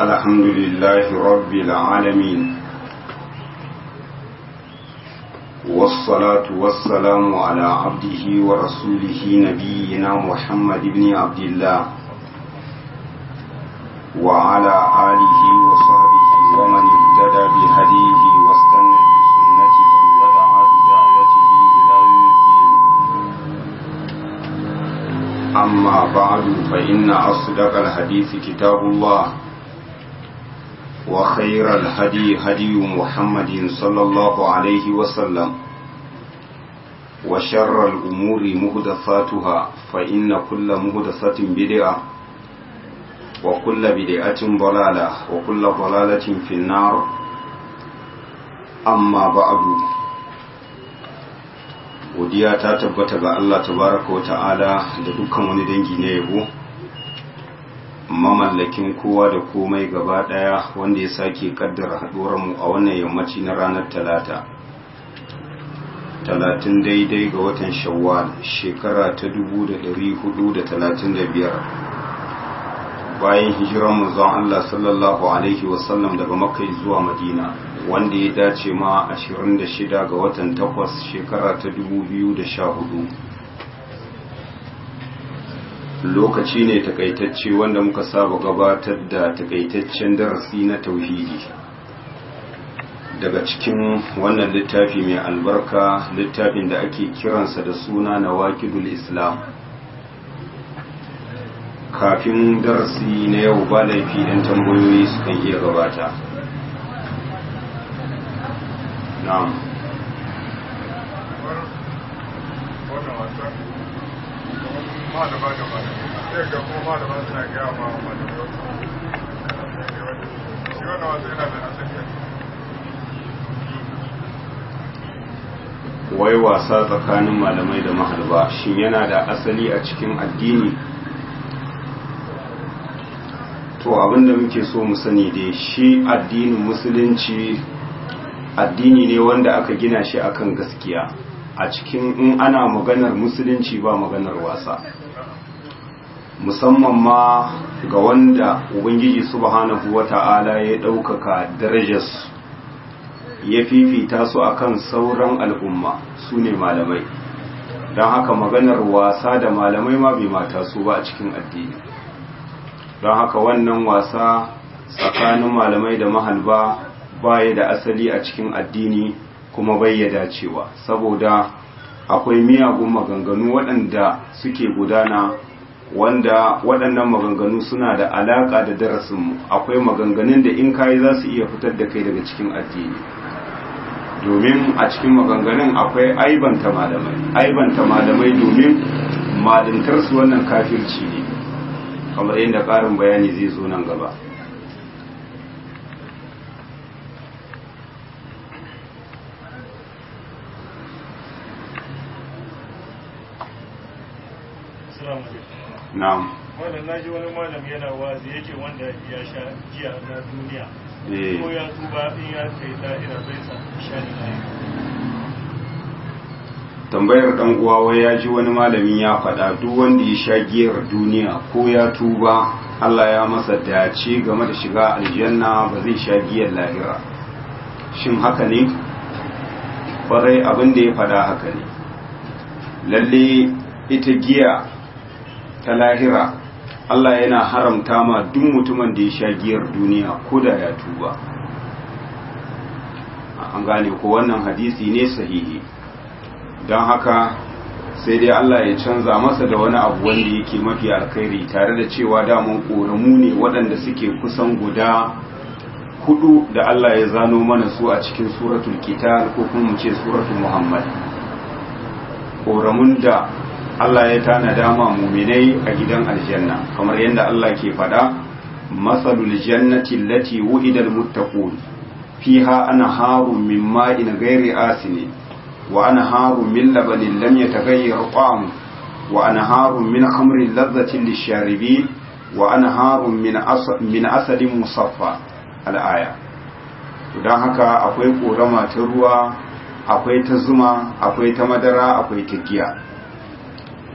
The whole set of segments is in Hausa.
الحمد لله رب العالمين والصلاة والسلام على عبده ورسوله نبينا محمد بن عبد الله وعلى آله وصحبه ومن اهتدى بهديه واستنى بسنته ودعا بدعوته إلى يوم الدين أما بعد فإن أصدق الحديث كتاب الله وخير الهدي هدي محمد صلى الله عليه وسلم وشر الأمور مهدثاتها فإن كل مهدثة بدعة وكل بدعة ضلالة وكل ضلالة في النار أما بعد godiya ta tabbata ga Allah tabaraka wa ta'ala da dukkan wani dangi na yabo mamallakin kowa da komai gaba daya wanda ya sake kaddara mu a wannan yammaci na ranar talata talatin daidai ga watan shawwal shekara ta biyar. bayan hijiran manzon Allah sallallahu alaihi wasallam daga makka zuwa madina wanda ya dace ma 26 ga watan Takwas shekara ta 2014 lokaci ne takaitacce wanda muka saba gabatar da takaitaccen darasi na tauhidi daga cikin wannan littafi mai albarka littafin da ake kiransa da suna na wakidul islam kafin darasi na yau ba laifi ɗan tambayoyi su kan iya gabata na'am wai wasa tsakanin malamai da mahalba shi yana da asali a cikin addini to abinda muke so mu sani dai shi addinin musulunci addini ne wanda aka gina shi akan gaskiya a cikin in ana maganar musulunci ba maganar wasa musamman ma ga wanda ubangiji subhanahu wata'ala ya ɗaukaka darajarsu ya fifita su a kan sauran al'umma su ne malamai don haka maganar wasa da malamai ma bai mata su ba a cikin addini don haka wannan wasa tsakanin malamai da mahalba baya da asali a cikin addini kuma bai ya dacewa saboda akwai miyagun maganganu waɗanda suke gudana wanda waɗannan maganganu suna da alaƙa da darasinmu akwai maganganun da in kayi za su iya fitar da kai daga cikin addini domin a cikin maganganun akwai aibanta malamai aibanta malamai domin malintarsu wannan kafirci ne kamar yadda ƙarin bayani zai zo nan gaba na'am wannan naji wani malam yana wazi yake wanda ya sha jiya na duniya eh. ko ya tuba in ya kai ina bai sa sha ni tambayar dan uwa wai ya ji wani malamin ya faɗa duk wanda ya sha giyar duniya ko ya tuba Allah ya masa dace game da shiga aljanna ba zai sha giyar lahira shin haka ne kwarai abin da ya faɗa haka ne lalle ita giya ta lahira Allah yana haramta ma duk mutumin da ya sha giyar duniya ko da ya tuba an gane ko wannan hadisi ne sahihi don haka sai dai Allah ya canza masa da wani abu wanda yake mafi alkhairi tare da cewa damun ƙoramu ne waɗanda suke kusan guda hudu da Allah ya zano mana su a cikin suratul kita ko kuma mu ce suratul muhammad ƙoramun da Allah ya tana dama muminai a gidan aljanna kamar yadda Allah ke faɗa masalul jannati lati wu'idal muttaqun fiha ana anharun min ma'in ghairi asini, wa anharun min labanin lam yataghayyar qam wa anharun min khamrin ladhatin lisharibi wa anharun min min asadin musaffa al'aya. aya don haka akwai korama ta ruwa akwai ta zuma akwai ta madara akwai ta giya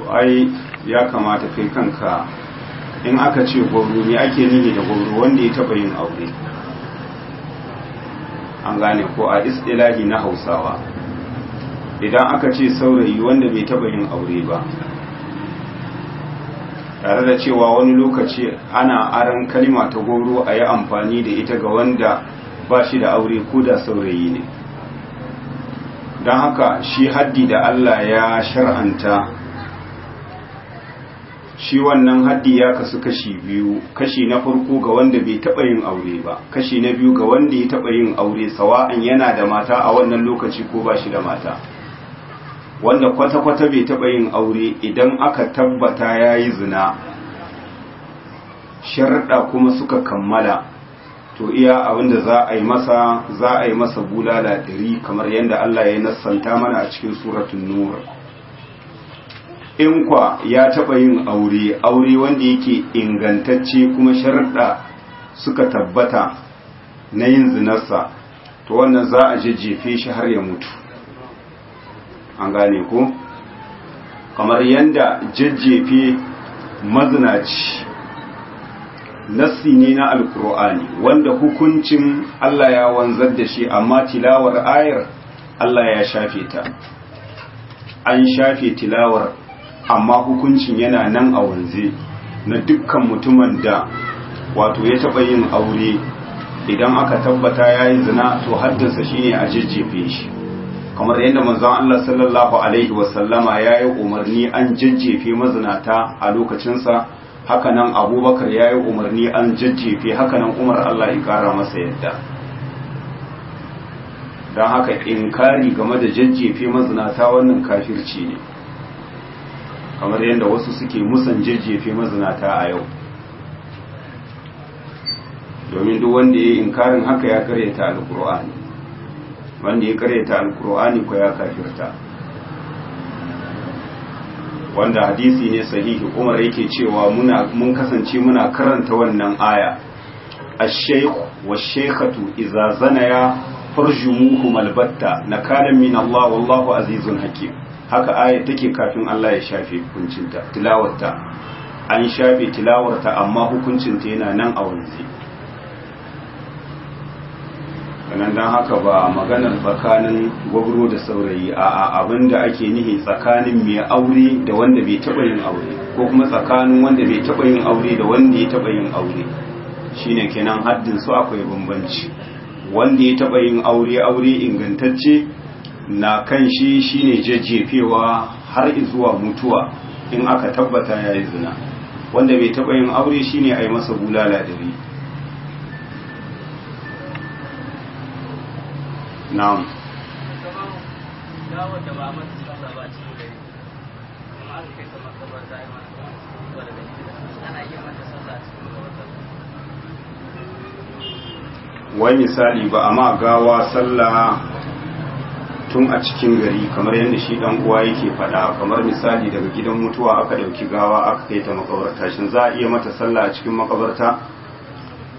to ai ya kamata kai kanka in aka ce gwamnu ne ake nuni da gwamnu wanda ya taba yin aure an gane ko a istilahi na hausawa idan aka ce saurayi wanda bai taba yin aure ba tare da cewa wani lokaci ana aran kalima ta goro a yi amfani da ita ga wanda ba shi da aure ko da saurayi ne don haka shi haddi da allah ya shar'anta shi wannan haddi ya kasu kashi biyu kashi na farko ga wanda bai taɓa yin aure ba kashi na biyu ga wanda ya taɓa yin aure sawa'an yana da mata a wannan lokaci ko ba shi da mata wanda kwata-kwata bai taɓa yin aure idan aka tabbata ya yi zina sharɗa kuma suka kammala to iya abin da za a yi masa za a yi masa bulala ɗari kamar yadda allah ya nassanta mana a cikin suratun nur in kwa ya taɓa yin aure aure wanda yake ingantacce kuma sharɗa suka tabbata na yin zinarsa to wannan za a jejjefe shi har ya mutu an gane ko kamar yadda jajjefe mazinaci nassi ne na alkur'ani wanda hukuncin Allah ya wanzar da shi amma tilawar ayar Allah ya shafe ta an shafe tilawar amma hukuncin yana nan a wanze na dukkan mutumin da wato ya taɓa yin aure idan aka tabbata ya yi zina to haddinsa shine a jajjefe shi kamar yadda manzon Allah sallallahu alaihi wasallama ya yi umarni an jajjefe mazinata a lokacinsa hakanan abubakar ya yi umarni an jajjefe hakanan umar Allah ya kara masa yadda don haka inkari game da jajjefe mazinata wannan kafirci ne kamar yadda wasu suke musan jejjefe mazinata a yau domin duk wanda ya yi inkarin haka ya karyata alkur'ani wanda ya karyata alkur'ani ko ya kafirta wanda hadisi ne sahihi umar yake cewa mun kasance muna karanta wannan aya wa shaykhatu idza zanaya farjumuhum albatta nakalan min Allah wallahu azizun hakim haka aya take kafin Allah ya shafe hukuncinta tilawarta an shafe tilawarta amma hukuncinta yana nan a wanzu nan dan haka ba maganar tsakanin gwagro da saurayi a abin da ake nihi tsakanin mai aure da wanda bai taɓa yin aure ko kuma tsakanin wanda bai taɓa yin aure da wanda ya taɓa yin aure shine kenan haddin su akwai bambanci wanda ya taɓa yin aure aure ingantacce na kan shi shine jajjefewa har zuwa mutuwa in aka tabbata ya yi zina wanda bai taba yin aure shine a yi masa bulala dari na'am wai misali ba a ma gawa sallah tun a cikin gari kamar yadda shi dan uwa yake faɗa kamar misali daga gidan mutuwa aka ɗauki gawa aka kai ta makabarta shin za a iya mata sallah a cikin makabarta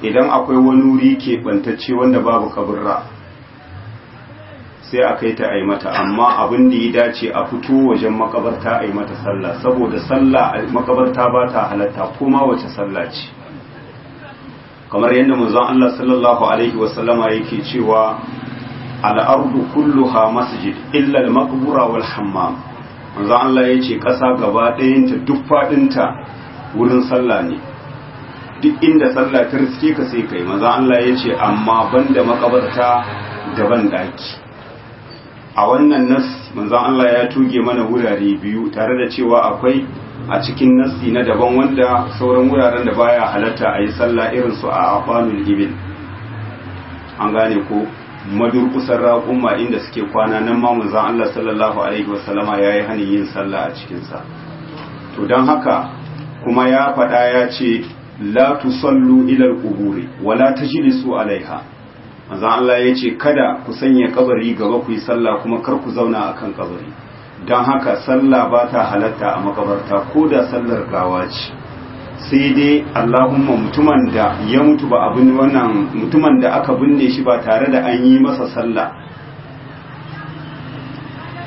idan akwai wani wuri keɓantacce wanda babu kaburra sai a kai ta ai mata amma abin da ya dace a fito wajen makabarta a yi mata sallah saboda sallah makabarta ba ta halatta kuma wace sallah ce kamar yadda manzon Allah sallallahu alaihi wasallama yake cewa al'ardu kulluha masjid illa al-maqbura wal hammam manzo Allah yace ƙasa gaba ɗayanta duk faɗinta wurin sallah ne duk inda sallah ta riske ka sai kai manzo Allah yace amma banda makabarta da ban daki a wannan nas manzo Allah ya tuge mana wurare biyu tare da cewa akwai a cikin nasi na daban wanda sauran wuraren da baya halatta a yi sallah irin su a afanul ibil an gane ko madurkusar raƙuma inda suke kwana nan ma zan Allah sallallahu alaihi wasallama yayi hanin yin sallah a cikinsa. to don haka kuma ya faɗa ya ce la tusallu ila al wala wa la tajlisu alaiha manzon Allah ya ce kada ku sanya kabari gaba ku yi sallah kuma kar ku zauna a kan kabari dan haka sallah ba ta halatta a makabarta ko da sallar gawa ce sai dai allahumma mutumin da ya mutu ba abin wannan mutumin da aka binne shi ba tare da an yi masa sallah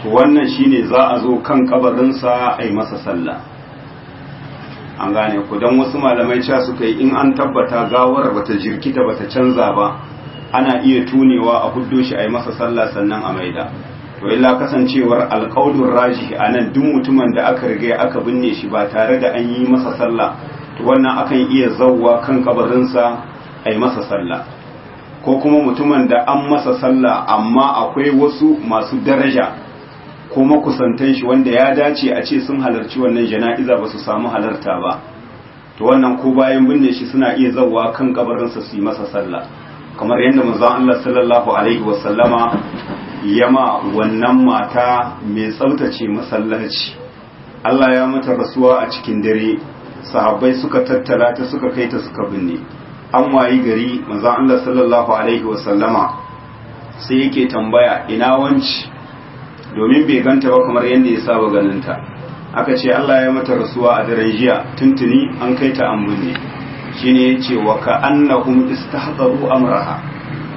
to wannan shine za a zo kan kabarinsa a yi masa sallah an gane ku don wasu malamai cewa suka yi in an tabbata gawar bata jirkita bata canza ba ana iya tunewa a huddo shi a yi masa sallah sannan a maida to illa kasancewar alƙaudun rajihi a nan duk mutumin da aka riga aka binne shi ba tare da an yi masa sallah to wannan akan iya zauwa kan kabarinsa a yi masa sallah ko kuma mutumin da an masa sallah amma akwai wasu masu daraja ko makusantan shi wanda ya dace a ce sun halarci wannan jana'iza ba su samu halarta ba to wannan ko bayan binne shi suna iya zauwa kan kabarinsa su yi masa sallah kamar yadda manzon Allah sallallahu alaihi wasallama yama wannan mata mai tsaftace masallaci Allah ya mata rasuwa a cikin dare sahabbai suka tattala ta suka kai ta suka binne an wayi gari manzon Allah sallallahu alaihi wa sallama sai yake tambaya ina wanci domin bai ganta ba kamar yadda ya saba ganinta aka ce Allah ya mata rasuwa a daren jiya tuntuni an kai ta an binne shine yace wa ka annahum istahdaru amraha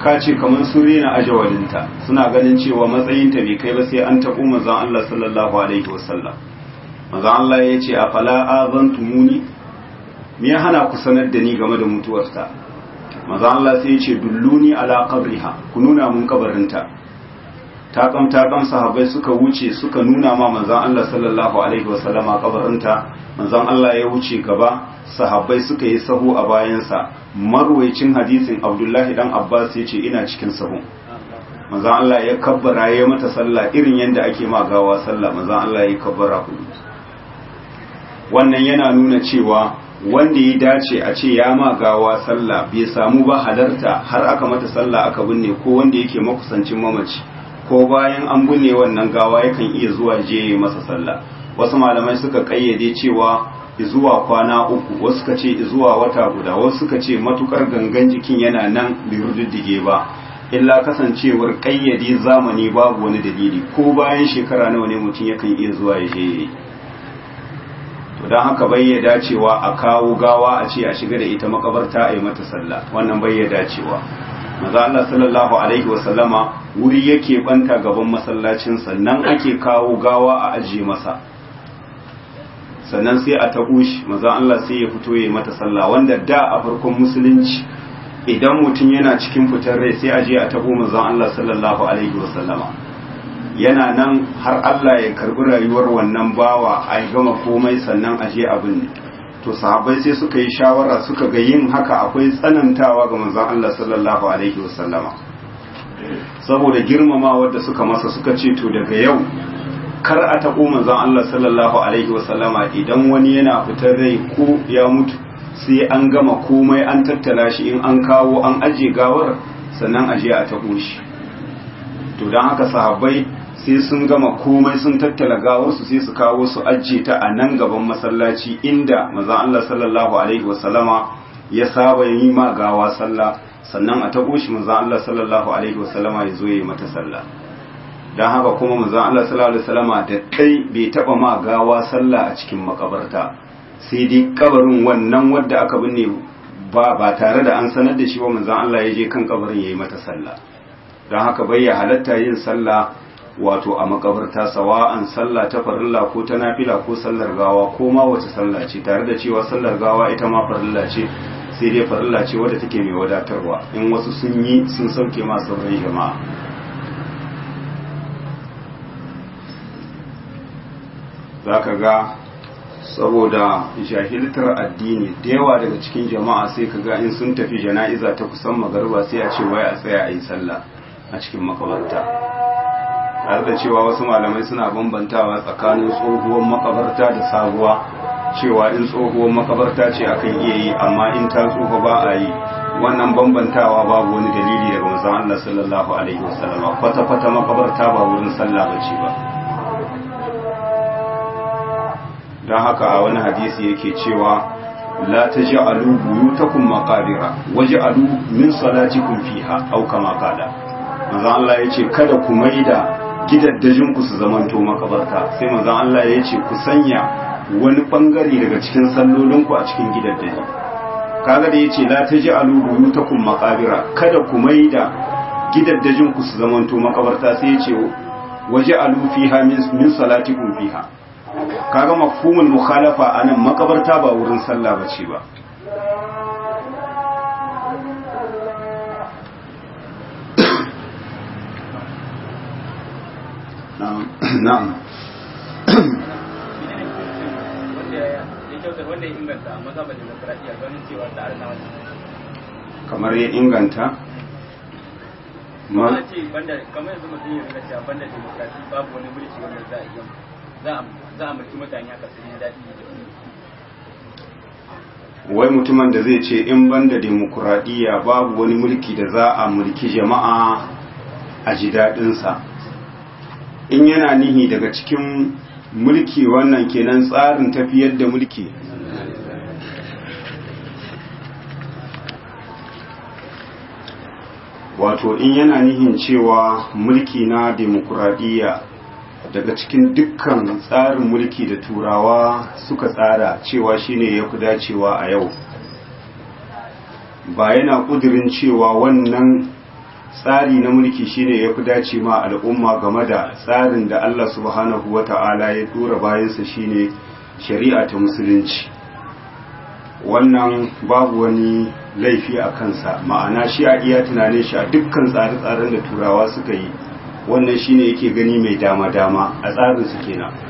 ka ce kamar sun rena ajawalinta suna ganin cewa matsayinta bai kai ba sai an taɓo manzon Allah sallallahu alaihi wa sallam maza Allah ya ce afala azantumuni me ya hana ku sanar da ni game da mutuwarta maza Allah sai ya ce dulluni ala qabriha ku nuna mun kabarinta takam takam sahabbai suka wuce suka nuna ma maza Allah sallallahu alaihi wasallama kabarinta maza Allah ya wuce gaba sahabai suka yi sahu a bayansa marwaicin hadisin Abdullahi dan Abbas ya ce ina cikin sahun maza Allah ya kabbara ya mata sallah irin yadda ake ma gawa sallah maza Allah ya kabbara ku wannan yana nuna cewa wanda ya dace a ce ya ma gawa sallah bai samu ba halarta har aka mata sallah aka binne ko wanda yake makusancin mamaci ko bayan an binne wannan gawa yakan iya zuwa je masa sallah wasu malamai suka kayyade cewa zuwa kwana uku wasu ka ce zuwa wata guda wasu suka ce matukar gangan jikin yana nan bai ba illa kasancewar kayyade zamani babu wani dalili ko bayan shekara nawa ne mutum yakan iya zuwa ya je to don haka bai ya dacewa a kawo gawa a ce a shiga da ita makabarta a yi mata sallah wannan bai ya dacewa maza Allah sallallahu alaihi wa sallama wuri yake banta gaban masallacin sannan ake kawo gawa a ajiye masa sannan sai a taɓo shi maza Allah sai ya fito ya mata sallah wanda da a farkon musulunci idan mutum yana cikin fitar rai sai a je a taɓo maza Allah sallallahu alaihi wa sallama yana nan har Allah ya karbi rayuwar wannan bawa a gama komai sannan a je abin ne to sahabbai sai suka yi shawara suka ga yin haka akwai tsanantawa ga manzon Allah sallallahu alaihi wasallama saboda girmamawa da suka masa suka ce to daga yau kar a taɓo manzon Allah sallallahu alaihi wasallama idan wani yana fitar rai ko ya mutu sai an gama komai an tattala shi in an kawo an aje gawar sannan aje a taɓo shi to don haka sahabbai sai sun gama komai sun tattala gawarsu sai su kawo su ajiye ta a nan gaban masallaci inda maza Allah sallallahu alaihi wasallama ya saba yi ma gawa sallah sannan a taɓo shi maza Allah sallallahu alaihi wasallama ya zo yi mata sallah don haka kuma maza Allah sallallahu alaihi wasallama da kai bai taɓa ma gawa sallah a cikin makabarta sai dai kabarin wannan wadda aka binne ba ba tare da an sanar da shi wa manzon Allah ya je kan kabarin yi mata sallah dan haka bai ya halatta yin sallah wato a makabarta sawa'an sallah ta farilla ko ta nafila ko sallar gawa ko ma wace sallah ce tare da cewa sallar gawa ita ma farilla ce sai dai farilla ce wadda take mai wadatarwa in wasu sun yi sun sauke ma sauran jama'a za ka ga saboda jahiltar addini da yawa daga cikin jama'a sai ka ga in sun tafi jana'iza ta kusan magarba sai a ce wai a tsaya a yi sallah a cikin makabarta har da cewa wasu malamai suna bambantawa tsakanin tsohuwar makabarta da sabuwa cewa in tsohuwar makabarta ce akan iya yi amma in ta tsoho ba a yi wannan bambantawa babu wani dalili daga manzon Allah sallallahu alaihi wasallam kwata kwata makabarta ba wurin sallah bace ba don haka a wani hadisi yake cewa la taj'alu buyutakum maqabira waj'alu min salatikum fiha aw kama qala manzon Allah yace kada ku maida gidaddajin ku su zamanto makabarta sai manzon Allah ya ce ku sanya wani bangare daga cikin sallolin ku a cikin gidaddaji kaga da yace la alu buyutakum maqabira kada ku maida gidaddajin ku su zamanto makabarta sai ya waje alu fiha min salatikum fiha kaga mafhumul mukhalafa anan makabarta ba wurin sallah bace ba na'am kamar ya inganta ma ce banda kamar yanzu mutum ya rika cewa banda demokrasi babu wani mulki wanda za a yi za a mulki mutane haka su ji daɗi wai mutumin da zai ce in banda demokuraɗiyya babu wani mulki da za a mulki jama'a a ji daɗinsa in yana nihi daga cikin mulki wannan kenan tsarin tafiyar da mulki wato in yana nihin cewa mulki na demokuraɗiyya daga cikin dukkan tsarin mulki da turawa suka tsara cewa shine ya fi dacewa a yau ba yana ƙudurin cewa wannan tsari na mulki shine ya fi dace ma al'umma game da tsarin da Allah subhanahu wa ta'ala ya tura bayansa shine shari'a ta musulunci wannan babu wani laifi a kansa ma'ana shi a iya tunanin shi a dukkan tsare-tsaren da turawa suka yi wannan shine yake gani mai dama-dama a tsarin su kenan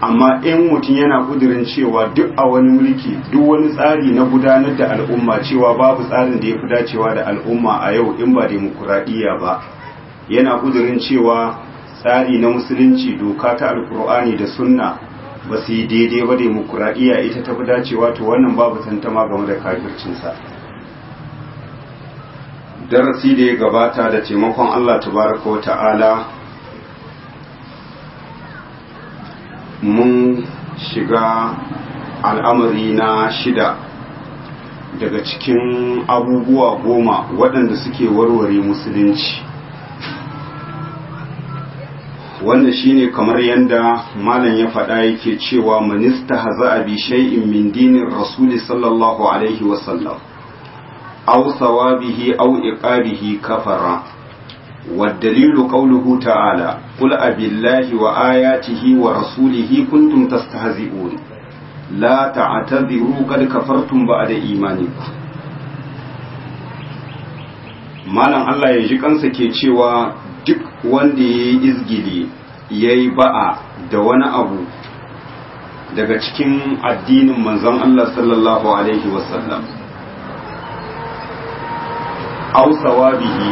amma in mutum yana kudirin cewa duk a wani mulki duk wani tsari na gudanar da al'umma cewa babu tsarin da ya fi dacewa da al'umma a yau in ba demokuraɗiyya ba yana kudirin cewa tsari na musulunci doka ta alkur'ani da sunna ba su yi daidai ba demokuraɗiyya ita ta fi dacewa to wannan babu tantama game da kafircinsa darasi da ya gabata da taimakon allah tabaraka wa ta'ala mun shiga al'amari na shida daga cikin abubuwa goma waɗanda suke warware musulunci wannan shine kamar yadda malam ya faɗa yake cewa minista haza bi in min dinin rasuli sallallahu alaihi wasallam au sawabihi au iqabihi kafara والدليل قوله تعالى قل أبي الله وآياته ورسوله كنتم تستهزئون لا تعتذروا قد كفرتم بعد إيمانكم malam Allah ya ji kansa ke cewa duk wanda ya yi izgili ya yi ba'a da wani abu daga cikin addinin manzan Allah sallallahu Alaihi wasallam ausawa bihi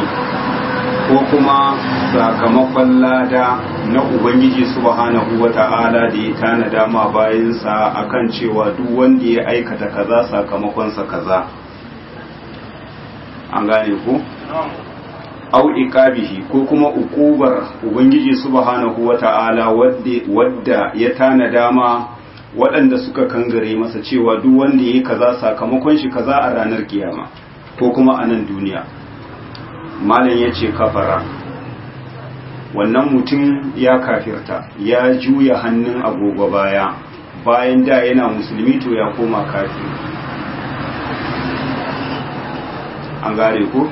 ko kuma sakamakon lada na ubangiji subhanahu wata'ala da ya tana dama bayansa akan cewa duk wanda ya aikata kaza sakamakonsa kaza an gane ku au ko kuma ukubar ubangiji subhanahu wata'ala wadda ya tana dama waɗanda suka kangare masa cewa duk wanda ya kaza sakamakon shi kaza a ranar kiyama ko kuma a nan duniya malam ya ce kafara wannan mutum ya kafirta ya juya hannun agogo baya bayan da yana musulmi to ya koma kafin an gare ku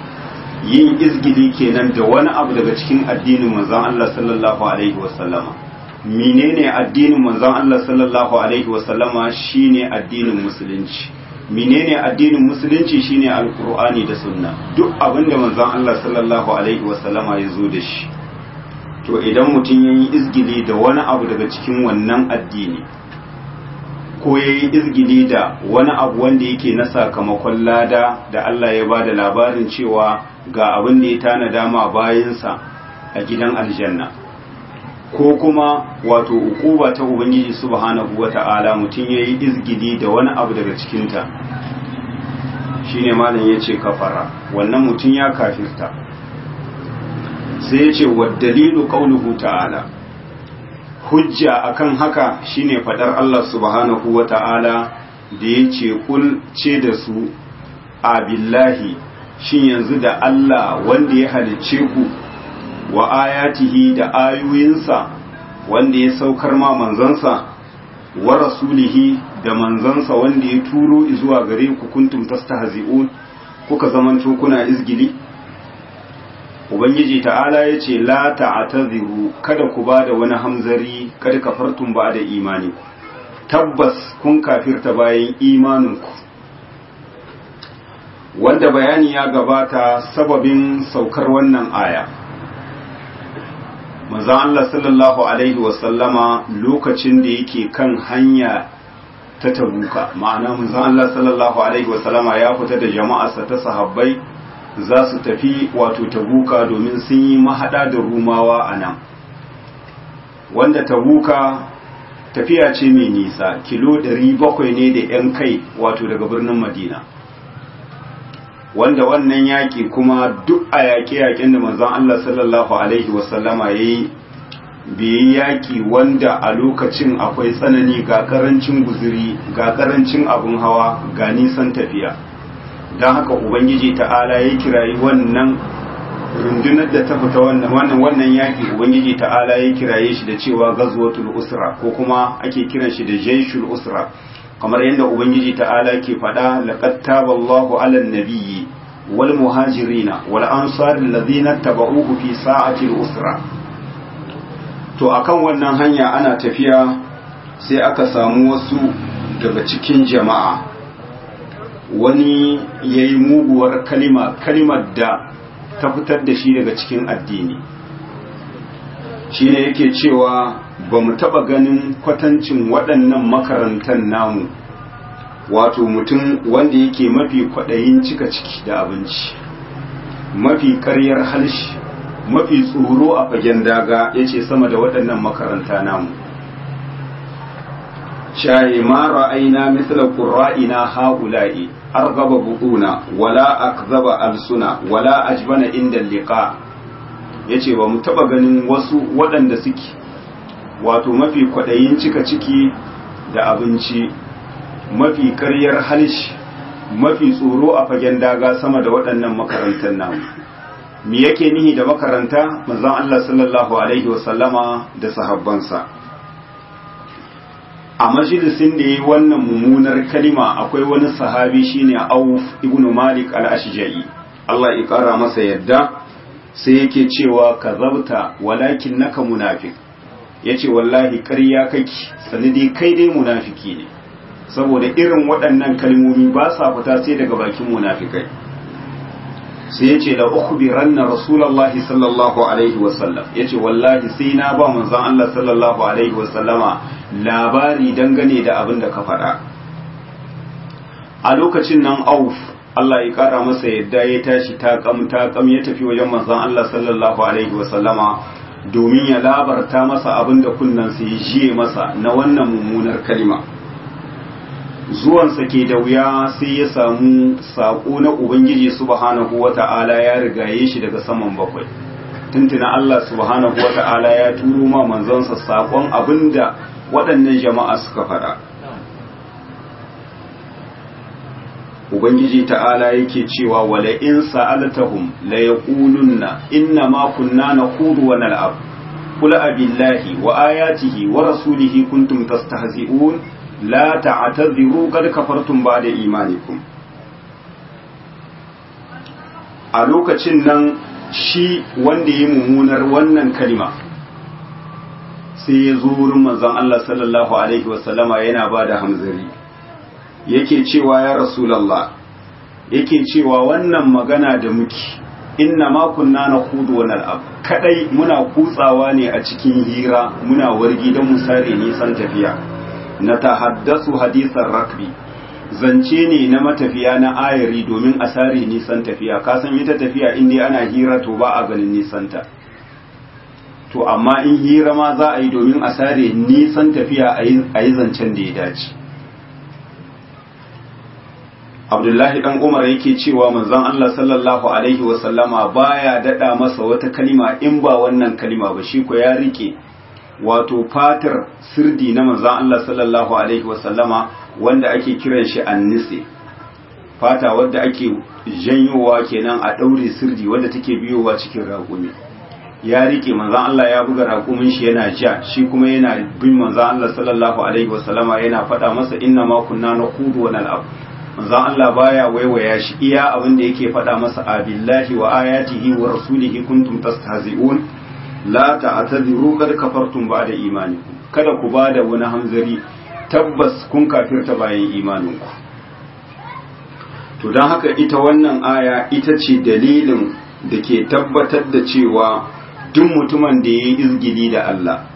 yin izgili kenan da wani abu daga cikin addinin manzon Allah sallallahu alaihi wasallama menene addinin manzon Allah sallallahu alaihi wasallama shine addinin musulunci menene addinin musulunci shine alkur'ani da sunna duk abinda manzon Allah sallallahu alaihi wasallama ya zo da shi to idan mutum yayi yi izgili da wani abu daga cikin wannan addini ko yayi yi izgili da wani abu wanda yake na sakamakon lada da Allah ya ba da labarin cewa ga abin da ya tana dama bayansa a gidan aljanna ko kuma wato ukuba ta ubangiji subhanahu wata'ala mutum yayi izgidi da wani abu daga cikin ta shine malam yace kafara wannan mutum ya kafirta sai yace wa dalilu qauluhu ta'ala hujja akan haka shine faɗar Allah subhanahu wata'ala da yace kul ce da su a shin yanzu da Allah wanda ya halicce ku wa ayatihi da ayoyinsa wanda ya saukar ma manzansa wa rasulihi da manzansa wanda ya turo zuwa gare ku kuntum tastahzi'un kuka zamanto kuna izgili ubangiji ta'ala ya ce la ta'taziru kada ku ba da wani hamzari kada kafartum ba da imani tabbas kun kafirta bayan imanin ku wanda bayani ya gabata sababin saukar wannan aya manzon Allah sallallahu alaihi wasallama lokacin da yake kan hanya ta tabuka ma'ana manzon Allah sallallahu alaihi wasallama ya fita da jama'arsa ta sahabbai za su tafi wato tabuka domin sun yi mahaɗa da rumawa a nan wanda tabuka tafiya ce mai nisa kilo bakwai ne da 'yan kai wato daga birnin madina wanda wannan yaƙi kuma duk a yaƙe-yaƙen da manzon Allah sallallahu alaihi wasallama ya yi bai yaƙi wanda a lokacin akwai tsanani ga ƙarancin guziri ga ƙarancin abin hawa ga nisan tafiya don haka ubangiji ta'ala ya kirayi wannan rundunar da ta fita wannan wannan yaƙi ubangiji ta'ala ya kiraye shi da cewa gazwatul usra ko kuma ake kiran shi da jaishul usra kamar yadda ubangiji ta'ala ke faɗa laqad Allahu 'alan nabiyyi wal muhajirina wal ansar alladhina tabauhu fi sa'ati usra to akan wannan hanya ana tafiya sai aka samu wasu daga cikin jama'a wani yayi muguwar kalima kalimar da ta fitar da shi daga cikin addini shine yake cewa ba mu taba ganin kwatancin waɗannan makarantar namu wato mutum wanda yake mafi kwaɗayin cika ciki da abinci mafi karyar halshi mafi tsoro a fagen daga ya ce sama da waɗannan makaranta namu shaye mara aina misla ƙura'ina ha'ula'i gaba buɗuna wala akzaba alsuna wala ajbana inda liƙa ya ce ba mu taɓa ganin wasu waɗanda suke wato mafi kwaɗayin cika ciki da abinci mafi karyar halish mafi tsoro a fagen daga sama da waɗannan makarantar namu me yake nihi da makaranta manzon Allah sallallahu alaihi wasallama da sahabbansa a majalisin da yayi wannan mummunar kalima akwai wani sahabi shine Auf ibn Malik al-Ashja'i Allah ya kara masa yadda sai yake cewa kazabta walakin naka munafiq ya ce wallahi ƙarya kake sanadi kai dai munafiki ne saboda irin waɗannan kalmomi ba sa fita sai daga bakin munafikai sai ya ce bi ranar rasulallah sallallahu alaihi wasallam ya ce wallahi sai na ba manzan Allah sallallahu alaihi wasallama labari dangane da abin da ka faɗa a lokacin nan auf Allah ya ƙara masa yadda ya tashi ta ta kam ya tafi wajen manzon Allah sallallahu alaihi wa sallama. domin ya labarta masa abin da kunnansa ya jiye masa na wannan mummunar kalima zuwansa ke da wuya sai ya samu saƙo na ubangiji subhanahu wata'ala ya rigaye shi daga saman bakwai tuntuna Allah subhanahu wata'ala ya turo ma manzonsa saƙon abin da waɗannan jama'a suka faɗa ubangiji ta'ala yake cewa wala in sa'altahum la yaqulunna inna ma kunna naqudu wa nal'ab qul abillahi wa ayatihi wa rasulihi kuntum tastahzi'un la ta'tadhiru qad kafartum ba'da imanikum a lokacin nan shi wanda ya mummunar wannan kalima sai ya zo wurin manzon Allah sallallahu alaihi wasallama yana ba da hamzari yake cewa ya rasulallah yake cewa wannan magana da muke inna ma kunna na hudu wani al'ab kadai muna kutsawa ne a cikin hira muna wargi don musare nisan tafiya na ta tahaddasu hadisan rakbi zance ne na matafiya na ayari domin a sare nisan tafiya Ka kasan ita tafiya inda ana hira to ba a ganin nisanta to amma in hira ma za a yi domin a sare nisan tafiya a yi zancen da ya dace abdullahi dan umar yake cewa manzon Allah sallallahu alaihi wasallama baya dada masa wata kalima in ba wannan kalima ba shi ko ya rike wato fatar sirdi na manzon Allah sallallahu alaihi wasallama wanda ake kiran shi annisi fata wadda ake janyowa kenan a ɗaure sirdi wadda take biyowa cikin raƙumi ya rike manzon Allah ya buga raƙumin shi yana ja shi kuma yana bin manzon Allah sallallahu alaihi wasallama yana faɗa masa inna ma kunna naqudu wani abu. manzon Allah baya waiwaya shi iya abin da yake faɗa masa a billahi wa ayatihi wa rasulihi kuntum tastahzi'un la ta'tadiru qad kafartum ba'da imanikum kada ku bada wani hanzari tabbas kun kafirta bayan imaninku to don haka ita wannan aya ita ce dalilin da ke tabbatar da cewa duk mutumin da yayi yi izgili da Allah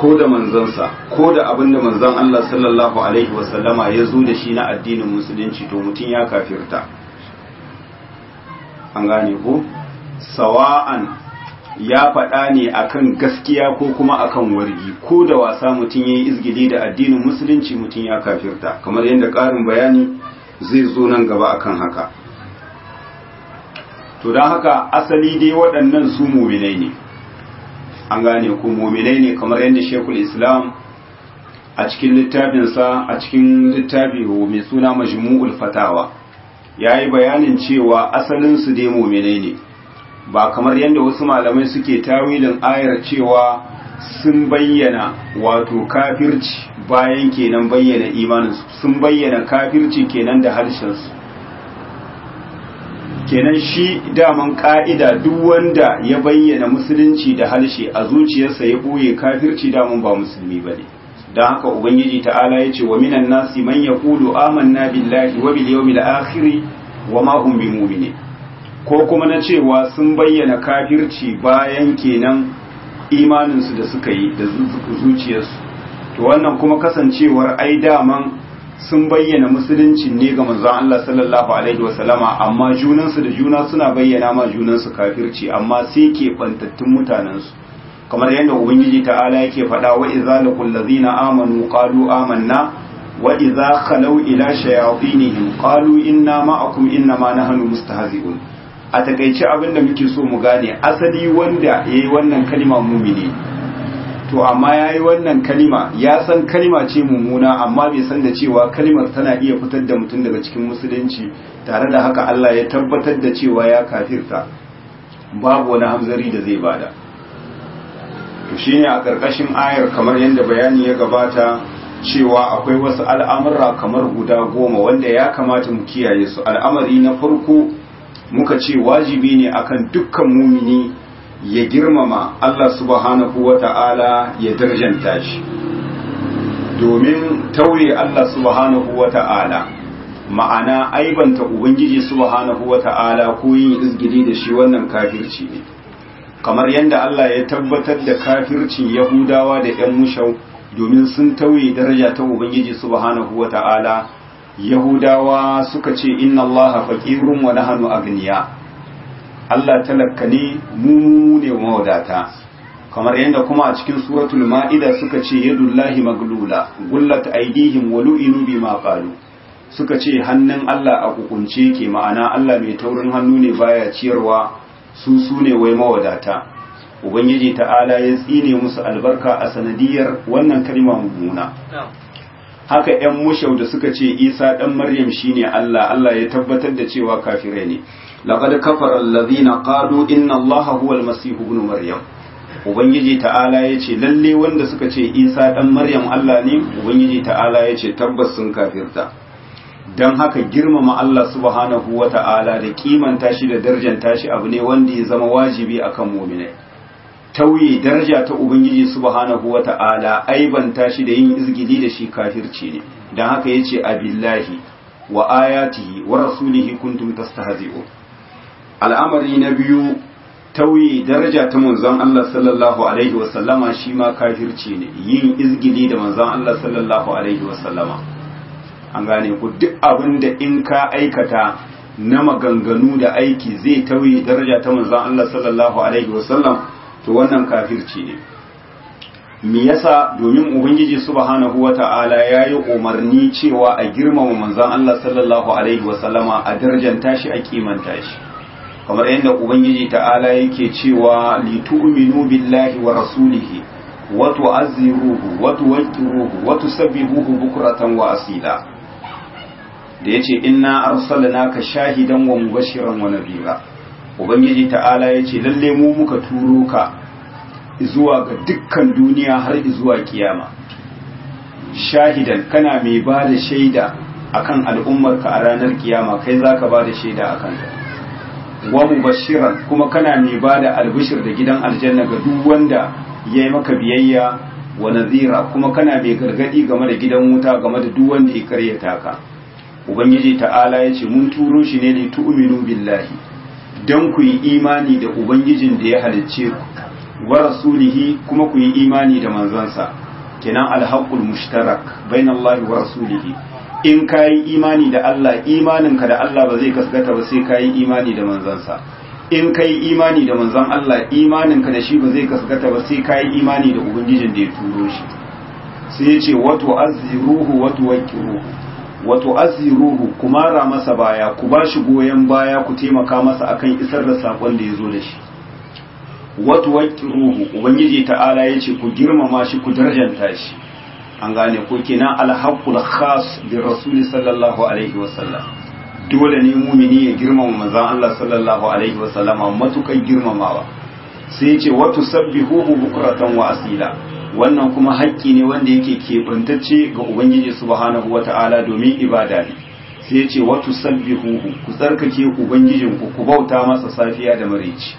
ko da manzansa ko da abin da manzan Allah sallallahu alaihi wasallama ya zo da shi na addinin musulunci to mutum ya kafirta an gane ko sawa'an ya faɗa ne akan gaskiya ko kuma akan wargi ko da wasa mutum ya yi izgili da addinin musulunci mutum ya kafirta kamar yadda ƙarin bayani zai zo nan gaba akan haka to don haka asali dai waɗannan su muminai ne an gane ku muminai ne kamar yadda shekul islam a cikin littafinsa a cikin littafi mai suna majmu'ul fatawa ya yi bayanin cewa asalinsu dai mominai ne ba kamar yadda wasu malamai suke tawilin ayar cewa sun bayyana wato kafirci bayan kenan bayyana imaninsu sun bayyana kafirci kenan da harshensu kenan shi daman ka'ida duk wanda ya bayyana musulunci da halshe a zuciyarsa ya boye kafirci daman ba musulmi bane dan haka ubangiji ta'ala yace ce wa minan nasi man yaqulu amanna billahi wa bil yawmil akhir wa ma hum bimumin ko kuma na cewa sun bayyana kafirci bayan kenan imaninsu da suka yi da zuciyarsu to wannan kuma kasancewar ai daman sun bayyana musulunci ne ga manzon Allah sallallahu alaihi sallama amma junansu da juna suna bayyana ma junansu kafirci amma sai ke bantattun mutanensu kamar yadda ubangiji ta'ala yake faɗa wa idza laqul amanu qalu amanna wa idza khalaw ila shayatinihim qalu inna ma'akum inna ma nahnu mustahzi'un a takeice abin da muke so mu gane asali wanda yayi wannan kalma mumini to amma ya yi wannan kalima ya san kalima ce mummuna amma bai san da cewa kalimar tana iya fitar da mutum daga cikin musulunci tare da haka Allah ya tabbatar da cewa ya kafirta babu wani hamzari da zai bada to shine a ƙarƙashin ayar kamar yadda bayani ya gabata cewa akwai wasu al'amura kamar guda goma wanda ya kamata mu kiyaye su al'amari na farko muka ce wajibi ne akan dukkan mumini ya girmama Allah subhanahu wa ta'ala ya darjanta shi domin tauye Allah subhanahu wa ta'ala ma'ana aibanta ubangiji subhanahu wa ta'ala ko yin izgidi da shi wannan kafirci ne kamar yadda Allah ya tabbatar da kafircin yahudawa da 'yan mushau domin sun tauye daraja ta ubangiji subhanahu wa ta'ala yahudawa suka ce inna allaha faqirun wa nahnu agniya Allah talakka ne mu ne mawadata kamar yadda kuma a cikin suratul ma'ida suka ce yadullahi maglula gullat aidihim wa lu'inu bima qalu suka ce hannun Allah a kukunce ke ma'ana Allah mai taurin hannu ne baya ciyarwa su su ne wai mawadata ubangiji ta'ala ya tsine musu albarka a sanadiyar wannan kalma mummuna haka yan mushau da suka ce Isa dan Maryam shine Allah Allah ya tabbatar da cewa kafirai ne لقد كفر الذين قالوا inna الله هو المسيح ابن maryam ubangiji ta'ala yace lalle wanda suka ce isa dan maryam Allah ne ubangiji ta'ala yace tabbas sun kafirta dan haka girmama Allah subhanahu ta'ala da kimanta shi da darjanta tashi abu ne wanda ya zama wajibi akan mu'minai tauye daraja ta ubangiji subhanahu wata'ala aibanta tashi da yin izgili da shi kafirci ne dan haka yace abillahi wa ayatihi wa rasulihi kuntum tastahzi'un al'amari na biyu tauye daraja ta manzon Allah sallallahu alaihi wasallama shi ma kafirci ne yin izgili da manzon Allah sallallahu alaihi wasallama an gane ku duk abin da in ka aikata na maganganu da aiki zai tauye daraja ta manzon Allah sallallahu alaihi wasallam to wannan kafirci ne me yasa domin ubangiji subhanahu wata'ala ya yi umarni cewa a girmama manzon Allah sallallahu alaihi wasallama a darajanta shi a kimanta shi kamar yadda ubangiji ta'ala yake cewa litu'minu billahi wa rasulihi wa tu'azziruhu wa tuwaqqiruhu wa tusabbihuhu bukratan wa asila da yace inna arsalnaka shahidan wa mubashiran wa nadira ubangiji ta'ala yace lalle mu muka turo ka zuwa ga dukkan duniya har zuwa kiyama shahidan kana mai ba da shaida akan al'ummarka a ranar kiyama kai zaka ba da shaida akan ta wa mubashiran kuma kana mai ba da albishir da gidan aljanna ga duk wanda ya yi maka biyayya wa nazira kuma kana mai gargadi game da gidan wuta game da duk wanda ya karyata ka ubangiji ta'ala ya ce mun turo shi ne li tu'minu billahi dan ku yi imani da ubangijin da ya halicce ku wa rasulihi kuma ku yi imani da manzansa kenan alhaqul mushtarak bainallahi wa rasulihi in ka yi imani da Allah imaninka da Allah ba zai kasgata ba sai ka yi imani da manzansa in ka yi imani da manzan Allah imaninka da shi ba zai kasgata ba sai ka yi imani da ubangijin da ya turo shi sai ya ce wato azziruhu wato wakiruhu wato azziruhu ku mara masa baya ku ba shi goyon baya ku taimaka masa akan isar da sakon da ya zo da shi wato wakiruhu ubangiji ta'ala ya ce ku girmama shi ku darjanta shi an gane ko kenan alhaqul khas bi rasuli sallallahu alaihi wasallam dole ne mumini ya girmama manzon Allah sallallahu alaihi wasallama matukan girmamawa sai ce wa tusabbihuhu bukratan wa asila wannan kuma haƙƙi ne wanda yake kebantacce ga ubangiji subhanahu wata'ala domin ibada ne sai ce wa tusabbihuhu ku tsarkake ubangijinku ku bauta masa safiya da maraici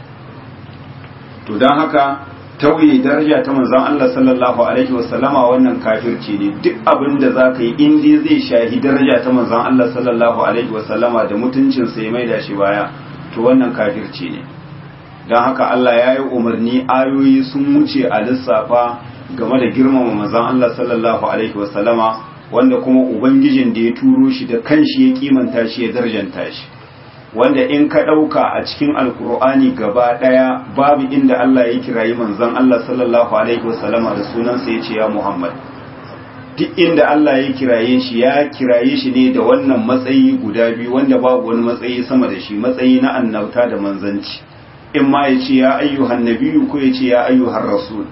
to don haka tauye daraja ta manzon Allah sallallahu alaihi wasallama wannan kafirci ne duk abin da za ka yi in dai zai shahi daraja ta manzon Allah sallallahu alaihi wasallama da mutuncinsa ya maida shi baya to wannan kafirci ne don haka Allah ya yi umarni ayoyi sun wuce a lissafa game da girmama manzon Allah sallallahu alaihi wasallama wanda kuma ubangijin da ya turo shi da kanshi ya kimanta shi ya darjanta shi wanda in ka ɗauka a cikin alkur'ani gaba ɗaya babu inda Allah ya kirayi manzon Allah sallallahu alaihi wasallama da sunansa ya ce ya Muhammad duk inda Allah ya kiraye shi ya kiraye shi ne da wannan matsayi guda biyu wanda babu wani matsayi sama da shi matsayi na annabta da manzanci in ma ya ce ya ayyuhan nabiyyu ko ya ce ya ayyuhan rasul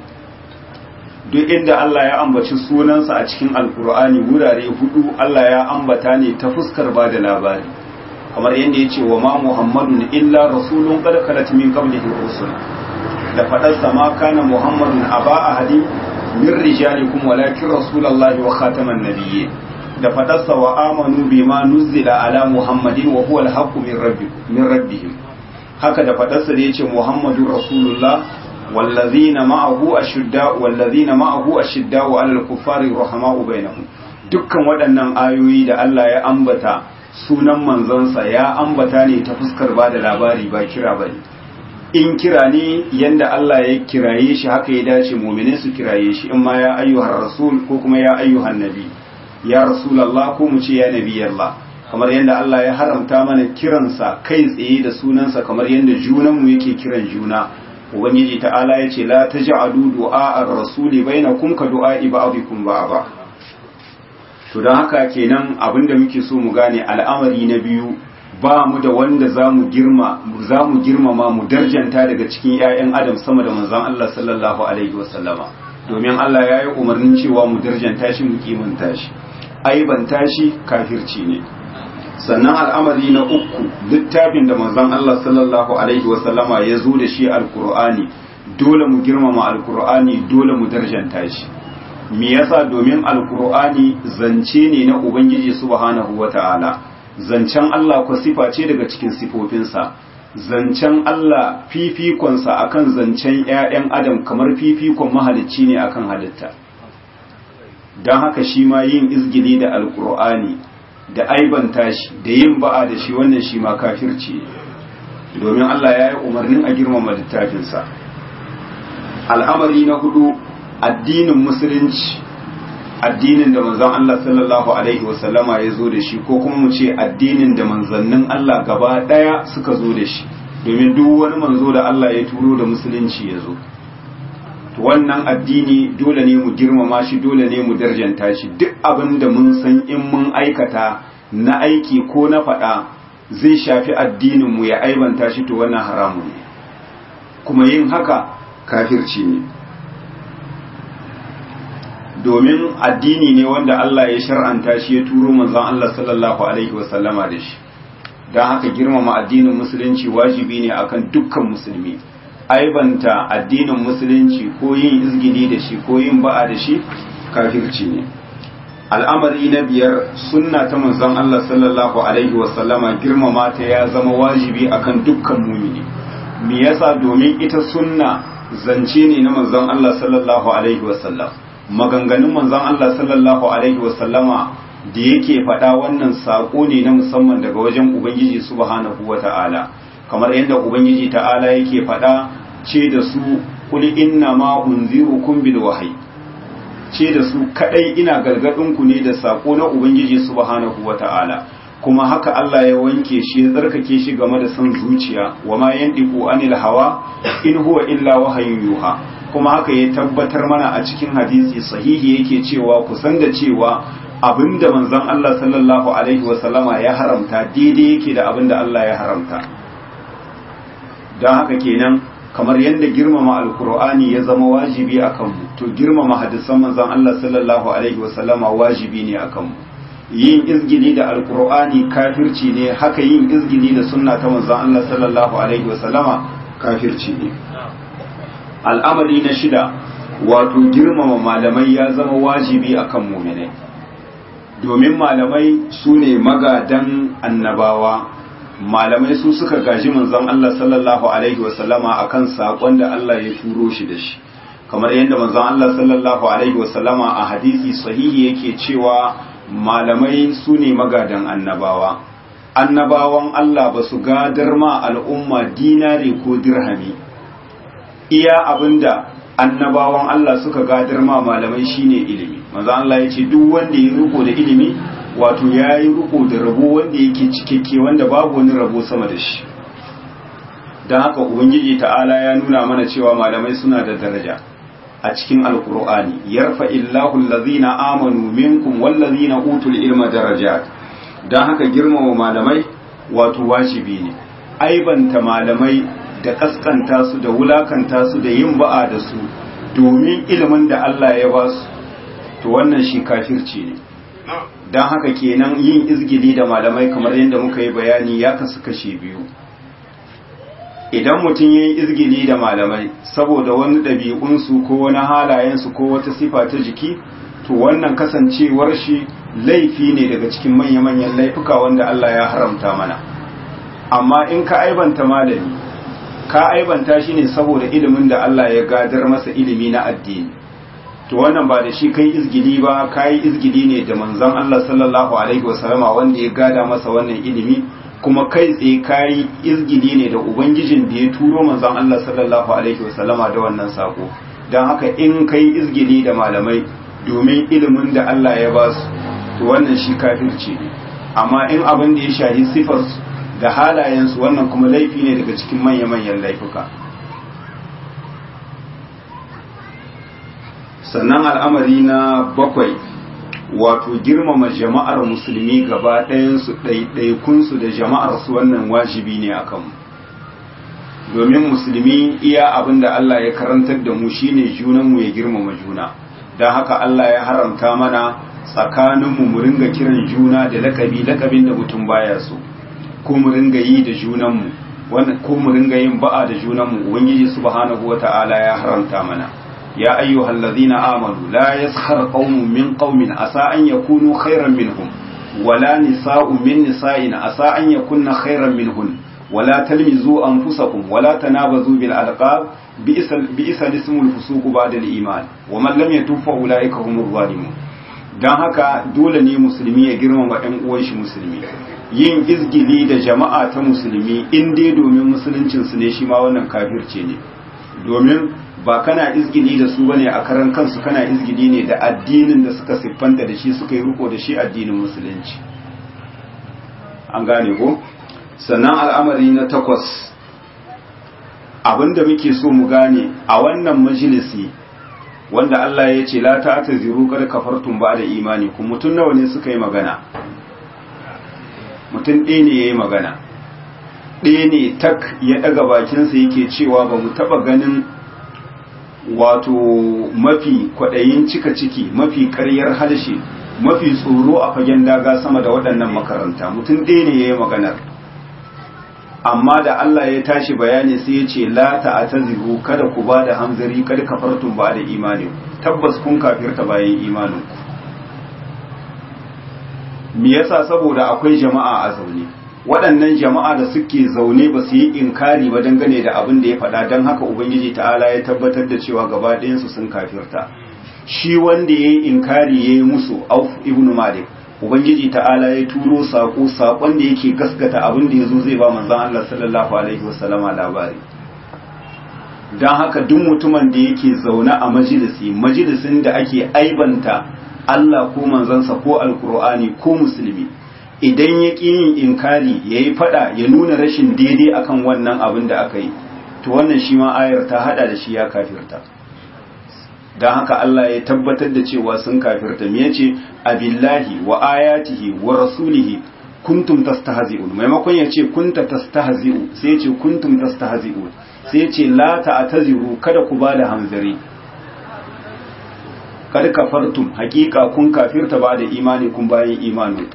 duk inda Allah ya ambaci sunansa a cikin alkur'ani wurare hudu Allah ya ambata ne ta fuskar ba da labari kamar yadda ya ce wa ma muhammadun illa rasulun qad min qablihi rusul da fadarsa ma kana muhammadun aba ahadi min rijalikum walakin rasulullahi wa khataman nabiyyin da fadarsa wa amanu bima nuzila ala muhammadin wa huwa al min rabbikum min rabbihim haka da fadarsa da yace muhammadun rasulullah wallazina ma'ahu ashidda wallazina ma'ahu ashidda wa alal kuffari rahma'u bainahum dukkan waɗannan ayoyi da Allah ya ambata sunan manzonsa ya ambata ne ta fuskar ba da labari ba kira ba ne in kira ne yadda Allah ya kiraye shi haka ya dace mumine su kiraye shi in ma ya ayyuhar rasul ko kuma ya ayyuhar nabi ya Allah ko mu ce ya Nabi Yalla? kamar yadda Allah ya haramta mana kiransa kai tsaye da sunansa kamar yadda junan mu yake kiran juna ubangiji ta'ala ya ce la taj'alu du'a ar-rasuli bainakum ka du'a ba'dikum ba to don haka kenan abinda muke so mu gane al'amari na biyu ba mu da wanda za mu girmama mu darjanta daga cikin 'ya'yan adam sama da manzan Allah sallallahu alaihi wasallama domin Allah ya yi umarnin cewa mu darjanta shi mu kimanta shi tashi tashi kafirci ne sannan al'amari na uku littafin da manzon Allah sallallahu alaihi wasallama ya zo da shi alkur'ani dole mu girmama alkur'ani dole mu darjanta shi me yasa domin alkur'ani zance ne na ubangiji subhanahu wata'ala zancen Allah ko sifa ce daga cikin sifofinsa zancen Allah fifikonsa akan zancen ƴaƴan adam kamar fifikon mahalicci ne akan halitta don haka shi ma yin izgili da alkur'ani da aibanta shi da yin ba'a da shi wannan shi ma kafirci domin Allah ya yi umarnin a girmama littafinsa al'amari na hudu addinin musulunci addinin da manzon Allah sallallahu alaihi wasallama ya zo da shi ko kuma mu ce addinin da manzannin Allah gaba daya suka zo da shi domin duk wani manzo da Allah ya turo da musulunci ya zo wannan addini dole ne mu girmama shi dole ne mu darjanta shi duk abin da mun san in mun aikata na aiki ko na faɗa zai shafi addinin mu ya aibanta shi to wannan haramun ne kuma yin haka kafirci ne domin addini ne wanda Allah ya shar'anta shi ya turo manzon Allah sallallahu alaihi wasallama da shi don haka girmama addinin musulunci wajibi ne akan dukkan musulmi aibanta addinin musulunci ko yin izgili da shi ko yin ba'a da shi kafirci ne al'amari na biyar sunna ta manzon Allah sallallahu alaihi wasallama girmama ta ya zama wajibi akan dukkan mumini me yasa domin ita sunna zance ne na manzon Allah sallallahu alaihi wasallam maganganun manzon Allah sallallahu alaihi wasallama da yake faɗa wannan saƙo ne na musamman daga wajen ubangiji subhanahu wa kamar yadda ubangiji ta'ala yake faɗa ce da su kuli inna ma unzirukum bil wahyi ce da su kadai ina gargadin ku ne da saƙo na ubangiji subhanahu wa ta'ala kuma haka Allah ya wanke shi ya tsarkake shi game da son zuciya wa ma yandiku anil hawa in huwa illa wahayin yuha kuma haka ya tabbatar mana a cikin hadisi sahihi yake cewa kusan da cewa abinda manzon Allah sallallahu alaihi wasallama ya haramta daidai yake da abin da Allah ya haramta don haka kenan kamar yadda girmama alkur'ani ya zama wajibi a kanmu to girmama hadisan manzon Allah sallallahu alaihi wasallama wajibi ne a kanmu yin izgini da alkur'ani kafirci ne haka yin izgini da sunna ta manzon Allah sallallahu alaihi wasallama kafirci ne al'amari na shida wato girmama malamai ya zama wajibi a kan muminai domin malamai su ne magadan annabawa malamai su suka gaji manzan Allah sallallahu alaihi wasallama kan saƙon da Allah ya turo shi da shi kamar yadda manzan Allah sallallahu alaihi wasallama a hadisi sahihi yake cewa malamai su ne magadan annabawa annabawan Allah ba su gadar ma al'umma dinare ko dirhami iya abinda annabawan Allah suka gadar ma malamai shine ilimi manzo Allah ya ce duk wanda ya riko da ilimi wato ya yi riko da rabo wanda yake cikakke wanda babu wani rabo sama da shi don haka ubangiji ta'ala ya nuna mana cewa malamai suna da daraja a cikin alkur'ani yarfa illahu allazina amanu minkum wallazina utul ilma darajat don haka girmama malamai wato wajibi ne aibanta malamai da kaskanta su da wulakanta su da yin ba'a da su domin ilimin da Allah ya ba su to wannan shi kafirci ne don haka kenan yin izgili da malamai kamar yadda muka yi bayani ya kasu kashe biyu idan mutum ya yi izgili da malamai saboda wani ɗabi'unsu ko wani halayensu ko wata sifa ta jiki to wannan kasancewar shi laifi ne daga cikin manya-manyan laifuka wanda Allah ya haramta mana amma in ka aibanta malami ka aibanta shi ne saboda ilimin da Allah ya gadar masa ilimi na addini to wannan ba da shi kai izgili ba kai izgili ne da manzon Allah sallallahu alaihi wasallama wanda ya gada masa wannan ilimi kuma kai tsaye kai izgili ne da ubangijin da ya turo manzon Allah sallallahu alaihi wasallama da wannan sako dan haka in kai izgili da malamai domin ilimin da Allah ya ba su to wannan shi kafirci ne amma in abin da ya shahi sifar ga halayensu wannan kuma laifi ne daga cikin manya-manyan laifuka sannan al'amari na bakwai wato girmama jama'ar musulmi gaba ɗayansu ɗaiɗaikunsu da jama'arsu wannan wajibi ne a kanmu domin musulmi iya abin da Allah ya karantar da mu shine junanmu ya girmama juna don haka Allah ya haramta mana tsakaninmu mu ringa kiran juna da lakabi lakabin da mutum baya so ko mu ringa yi da junanmu wannan ko mu ringa yin ba'a da junanmu ubangiji subhanahu wata'ala ya haramta mana ya ayyuhal ladhina amanu la yaskhar qaumun min qaumin asa an yakunu khairan minhum wala nisa'u min nisa'in asa an yakunna khairan minhun wala talmizu anfusakum wala tanabazu bil alqab bi'sa bi'sa ismul fusuq ba'da al iman wa man lam yatub fa ulaika humur zalimun don haka dole ne musulmi ya girmama 'yan uwan shi musulmi yin izgili da jama'a ta musulmi in dai domin musuluncinsu ne shi ma wannan kafirce ne domin ba kana izgili da su bane a karan kansu kana izgili ne da addinin da suka siffanta da shi suka yi riko da shi addinin musulunci an gane ko sannan al'amari na takwas abinda muke so mu gane a wannan majalisi wanda Allah ya ce la ta ta'taziru qad kafartum da imani kuma mutun nawa ne suka yi magana mutun ɗaya ne yayi magana ɗaya ne tak ya ɗaga bakinsa sa yake cewa ba mu taba ganin wato mafi kwaɗayin cika ciki mafi ƙaryar halshe mafi tsoro a fagen daga sama da waɗannan makaranta mutum ɗaya ne yayi maganar amma da Allah ya tashi bayani sai ya ce la ta'taziru kada ku ba da hanzari kada kafartum ba da imani tabbas kun kafirta bayan imanin ku me yasa saboda akwai jama'a a zaune waɗannan jama'a da suke zaune ba su yi inkari ba dangane da abin da ya faɗa don haka ubangiji ta'ala ya tabbatar da cewa gaba ɗayansu sun kafirta shi wanda ya yi inkari ya yi musu auf ibnu malik ubangiji ta'ala ya turo sako sakon da yake gaskata abin da yazo zai ba manzon Allah sallallahu alaihi wasallama labari dan haka duk mutumin da yake zaune a majalisi majalisin da ake aibanta Allah ko manzansa ko alkur'ani ko musulmi idan ya ƙi yin inkari yayi yi faɗa ya nuna rashin daidai akan wannan abin da aka yi to wannan shi ma ayar ta haɗa da shi ya kafirta don haka Allah ya tabbatar da cewa sun kafirta me yace abillahi wa ayatihi wa rasulihi kuntum tastahzi'un maimakon yace kunta tastahzi'u sai yace kuntum tastahzi'u sai yace la ta'taziru kada ku bada hanzari kada kafartum hakika kun kafirta ba da imani kun bayan imani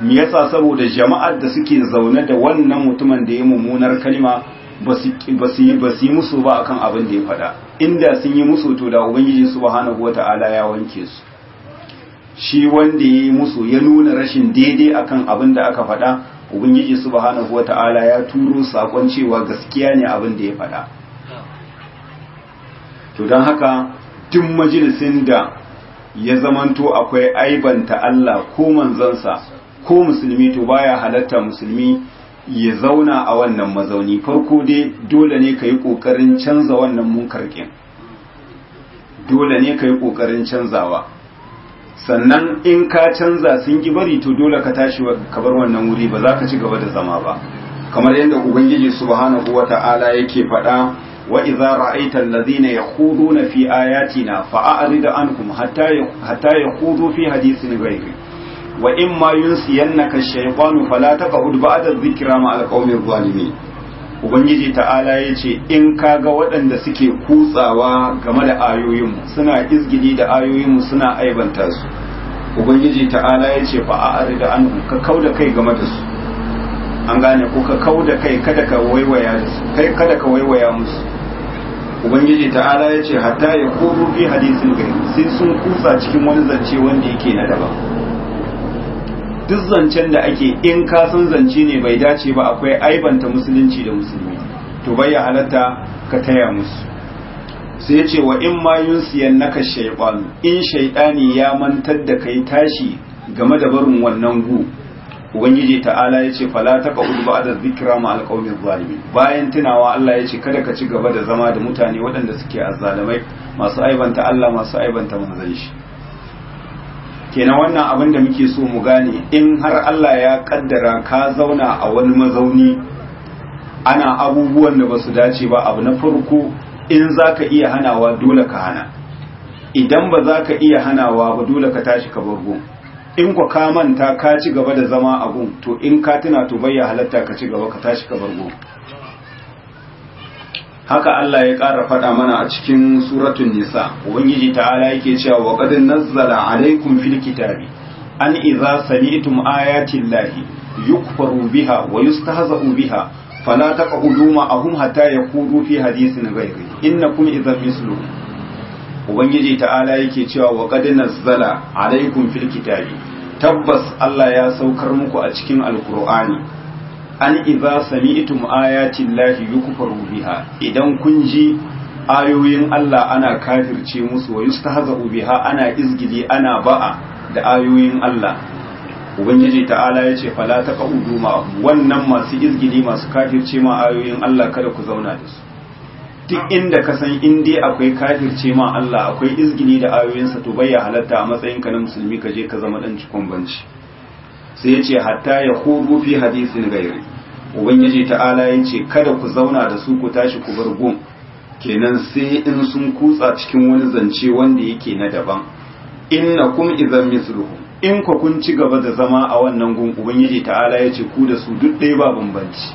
me yasa saboda jama'ar da suke zaune da wannan mutumin da ya mummunar kalima. ba su yi musu ba akan abin da ya faɗa inda sun yi musu to da ubangiji subhanahu wata'ala ya wanke su shi wanda ya yi musu ya nuna rashin daidai akan abin da aka faɗa ubangiji subhanahu wata'ala ya turo sakon cewa gaskiya ne abin da ya faɗa to don haka tun majalisin da ya zamanto akwai aibanta Allah ko manzansa ko musulmi to baya halatta musulmi ya zauna a wannan mazauni farko dai dole ne ka yi ƙoƙarin canza wannan munkarkin dole ne ka yi ƙoƙarin canzawa sannan in ka canza sun ki bari to dole ka tashi ka bar wannan wuri ba za ka ci gaba da zama ba kamar yadda ubangiji subhanahu wata'ala yake faɗa wa idza ra'aita alladhina yakhuduna fi ayatina fa'rid anhum hatta hatta yakhudu fi hadithin ghayri wa in ma yunsiyannaka shaytanu fala taqud ba'da dhikra ma alqawmi zalimin ubangiji ta'ala ya ce in kaga waɗanda suke kutsawa game da ayoyinmu suna izgidi da ayoyinmu suna aibanta su ubangiji ta'ala ya ce a'rid da an ka kau da kai game da su an gane ko ka kau da kai kada ka waiwaya su kai kada ka waiwaya musu ubangiji ta'ala ya ce hatta ya kudu fi hadisin gari sai sun kutsa cikin wani zance wanda yake na daban duk zancen da ake in ka san zance ne bai dace ba akwai aibanta musulunci da musulmi to bai ya halatta ka taya musu sai ya ce wa in ma yunsiyan naka shaytan in shaytani ya mantar da kai tashi game da barin wannan gu ubangiji ta'ala ya ce fala taqa udba da zikra ma alqawmi zalimi bayan tunawa Allah ya ce kada ka ci gaba da zama da mutane waɗanda suke azzalamai masu aibanta Allah masu aibanta manzon shi kenan wannan abin da muke so mu gane in har Allah ya kaddara ka zauna a wani mazauni ana abubuwan da ba su dace ba abu na farko in za ka iya hanawa dole ka hana idan ba za ka iya hanawa ba dole ka tashi ka bargo in ku ka manta ka ci gaba da zama a to in ka tuna to bayya halatta ka ci gaba ka tashi ka bargo haka Allah ya ƙara faɗa mana a cikin suratun nisa ubangiji ta'ala yake cewa wa qad nazzala alaikum fil kitabi an idza sami'tum ayati llahi yukfaru biha wa yustahza'u biha fala taq'udu ma'ahum hatta yaqulu fi hadithin ghayri innakum idza mislu ubangiji ta'ala yake cewa wa qad nazzala alaikum fil kitabi tabbas Allah ya saukar muku a cikin alqur'ani an sami sami'tum ayatin lahi yukfaru biha idan kun ji ayoyin Allah ana kafirce musu wa haza ubiha ana izgili ana ba'a da ayoyin Allah ubangiji ta'ala yace fala taqudu ma wannan masu izgili masu kafirce ma ayoyin Allah kada ku zauna da su duk inda ka san in dai akwai kafirce ma Allah akwai izgili da ayoyinsa to bai halatta a matsayinka na musulmi ka je ka zama ɗan cikon banci sai ya ce hatta ya hudu fi hadisin gairi ubangiji ta'ala ya ce kada ku zauna da su ku tashi ku bar gun kenan sai in sun kutsa cikin wani zance wanda yake na daban inna kum idan misluhu in ku kun ci gaba da zama a wannan gun ubangiji ta'ala ya ce ku da su duk ɗaya ba bambanci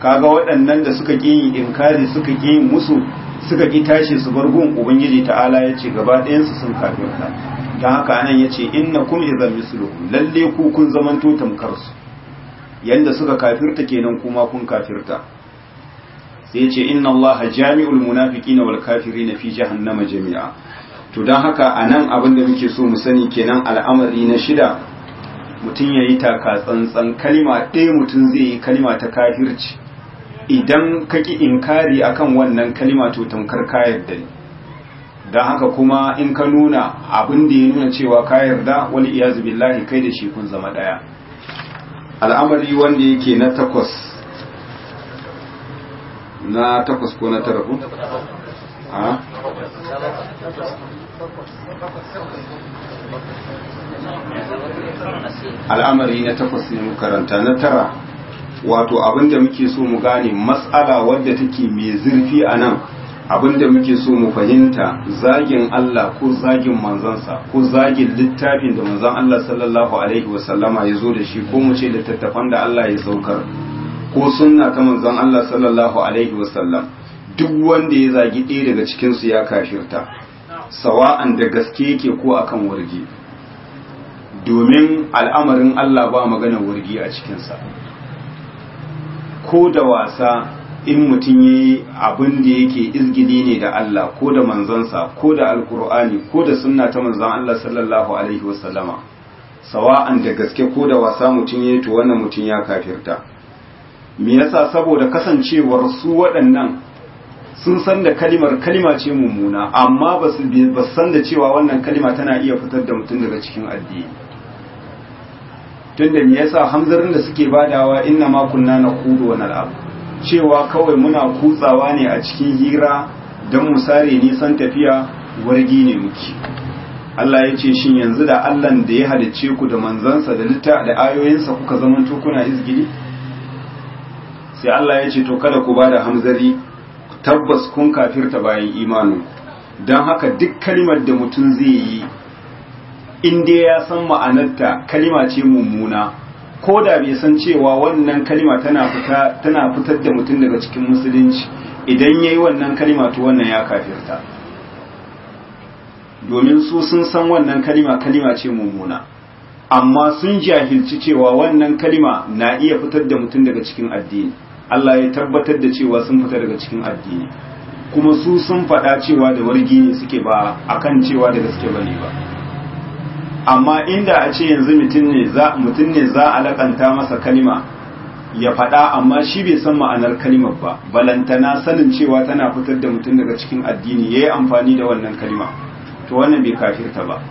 kaga waɗannan da suka ƙi yin inkari suka ƙi yin musu suka ki tashi su bar gun ubangiji ta'ala ya ce gaba ɗayansu sun kafirta don haka anan ya ce inna kum idan misluhum lalle ku kun zamanto tamkar su yanda suka kafirta kenan kuma kun kafirta sai yace ce inna allaha jami'ul munafiqina wal kafirina fi jahannama jami'a to don haka anan abin da muke so mu sani kenan al'amari na shida mutum ya yi taka tsantsan kalima ɗaya mutum zai yi kalima ta kafirci idan ka ƙi inkari akan wannan kalima to tamkar ka yarda ne don haka kuma in ka nuna abin da ya nuna cewa ka yarda wani iyazu billahi kai da shi kun zama ɗaya al'amari wanda yake na takwas na takwas ko na tarafu, a al'amari na takwas ne karanta na tara wato abinda muke so mu gane matsala wadda take mai zurfi a nan abinda muke so mu fahimta zagin Allah ko zagin manzansa ko zagin littafin da manzan Allah sallallahu alaihi wasallama ya zo da shi ko mu ce littattafan da Allah ya saukar ko sunna ta manzan Allah sallallahu alaihi wasallam duk wanda ya zagi ɗaya daga cikinsu ya kafirta sawa'an da gaske yake ko akan wargi domin al'amarin Allah ba maganar wargi a cikinsa ko da wasa in mutum ya yi abin da yake izgili ne da Allah ko da manzansa ko da alkur'ani ko da sunna ta manzan Allah sallallahu alaihi wasallama sawa'an da gaske ko da wasa mutum ya yi to wannan mutum ya kafirta me yasa saboda kasancewar su waɗannan sun san da kalimar kalima ce mummuna amma ba su san da cewa wannan kalima tana iya fitar da mutum daga cikin addini tunda me yasa hamzarin da suke badawa inna ma kunna kudu wani nal'ab cewa kawai muna kutsawa ne a cikin hira don mu sare nisan tafiya wargi ne muke Allah ya ce shin yanzu da allah da ya halicce ku da manzansa da litta da ayoyinsa kuka to kuna izgili sai Allah ya ce to kada ku bada hamzari tabbas kun kafirta bayan imanin dan haka duk kalimar da mutum zai yi in dai ya san ma'anarta kalima ce mummuna ko da bai san cewa wannan kalima tana fita tana fitar da mutum daga cikin musulunci idan yayi wannan kalima to wannan ya kafirta domin su sun san wannan kalima kalima ce mummuna amma sun jahilci cewa wannan kalima na iya fitar da mutum daga cikin addini Allah ya tabbatar da cewa sun fita daga cikin addini kuma su sun faɗa cewa da wargi ne suke ba akan cewa da gaske bane ba amma inda a ce yanzu mutum ne za a laƙanta masa kalima ya faɗa amma shi bai san ma'anar kalimar ba balantana sanin cewa tana fitar da mutum daga cikin addini ya yi amfani da wannan kalima to wannan bai kafirta ba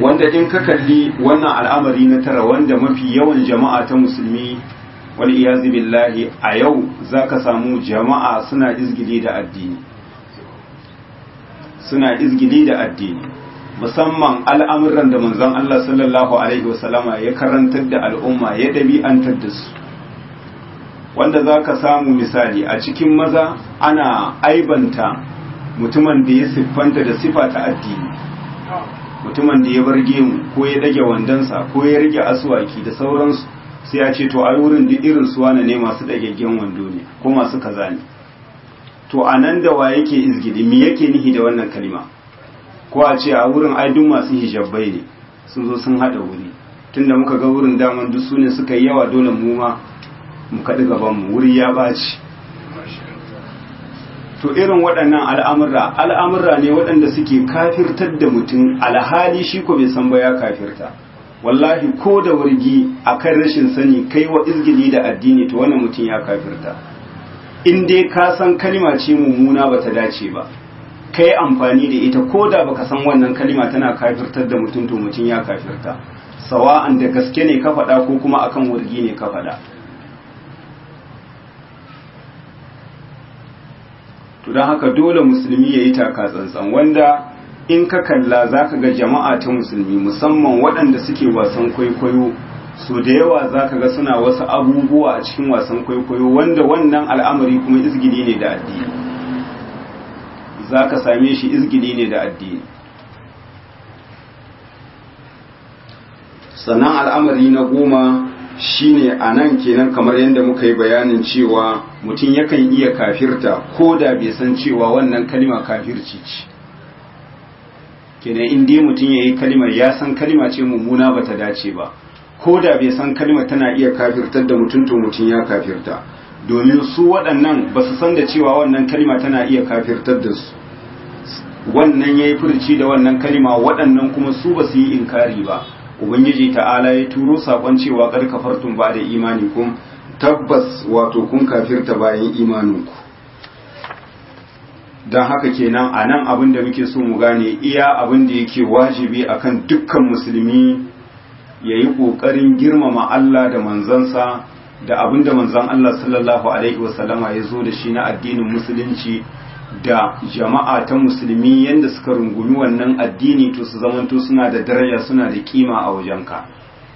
wanda in ka kalli wannan al'amari na tara wanda mafi yawan jama'a ta musulmi wani iyazi billahi a yau za ka samu jama'a suna izgili suna izgili da addini musamman al'amuran da manzon Allah sallallahu alaihi wasallama ya karantar da al'umma ya ɗabi'antar da su wanda za ka samu misali a cikin maza ana aibanta mutumin da ya siffanta da sifa ta addini mutumin da ya bar gemu ko ya ɗage wandonsa ko ya rike asuwaki da sauransu sai ya ce to wurin duk irin su wane ne masu ɗagaggen wando ne ko masu kaza ne to a nan da wa yake izgidi me yake nihi da wannan kalima ko a ce a wurin ai duk masu hijabai ne sun zo sun haɗa wuri tunda muka ga wurin daman duk sune suka yi yawa dole mu ma mu kaɗi gabanmu wuri ya ɓaci to irin waɗannan al'amurra al'amurra ne waɗanda suke kafirtar da mutum alhali shi ko bai san ba ya kafirta wallahi ko da wargi akan rashin sani kai wa izgili da addini to wannan mutum ya kafirta in dai ka san kalima ce mummuna bata dace ba ka yi amfani da ita ko da baka san wannan kalima tana kafirtar da mutum to mutum ya kafirta sawa'an da gaske ne ka faɗa ko kuma akan wurgi ne ka faɗa to don haka dole musulmi ya yi taka tsantsan wanda in ka kalla za ka ga jama'a ta musulmi musamman waɗanda suke wasan kwaikwayo so da yawa za ka ga suna wasu abubuwa a cikin wasan kwaikwayo wanda wannan al'amari kuma izgini ne da addini za ka same shi izgili ne da addini sannan al'amari na goma shi ne a nan kenan kamar yadda muka yi bayanin cewa mutum yakan iya kafirta ko da bai san cewa wannan kalima kafirci ce kenan inda mutum ya yi kalimar ya san kalima ce mummuna ba ta dace ba ko da bai san kalima tana iya kafirtar da mutum to mutum ya kafirta domin su waɗannan ba su san da cewa wannan kalima tana iya kafirtar da su wannan ya yi furci da wannan kalima waɗannan kuma su ba su yi inkari ba ubangiji ta'ala ya turo saƙon cewa kar fartun ba da imani kun tabbas wato kun kafirta bayan imaninku don haka kenan a nan abin da muke so mu gane iya abin da yake wajibi a kan dukkan musulmi ya yi ƙoƙarin girmama Allah da manzansa da abin da manzan Allah sallallahu Alaihi wasallama ya zo da shi na addinin musulunci da jama'a ta musulmi yadda suka rungumi wannan addini to su zamanto suna da daraja suna da kima a wajenka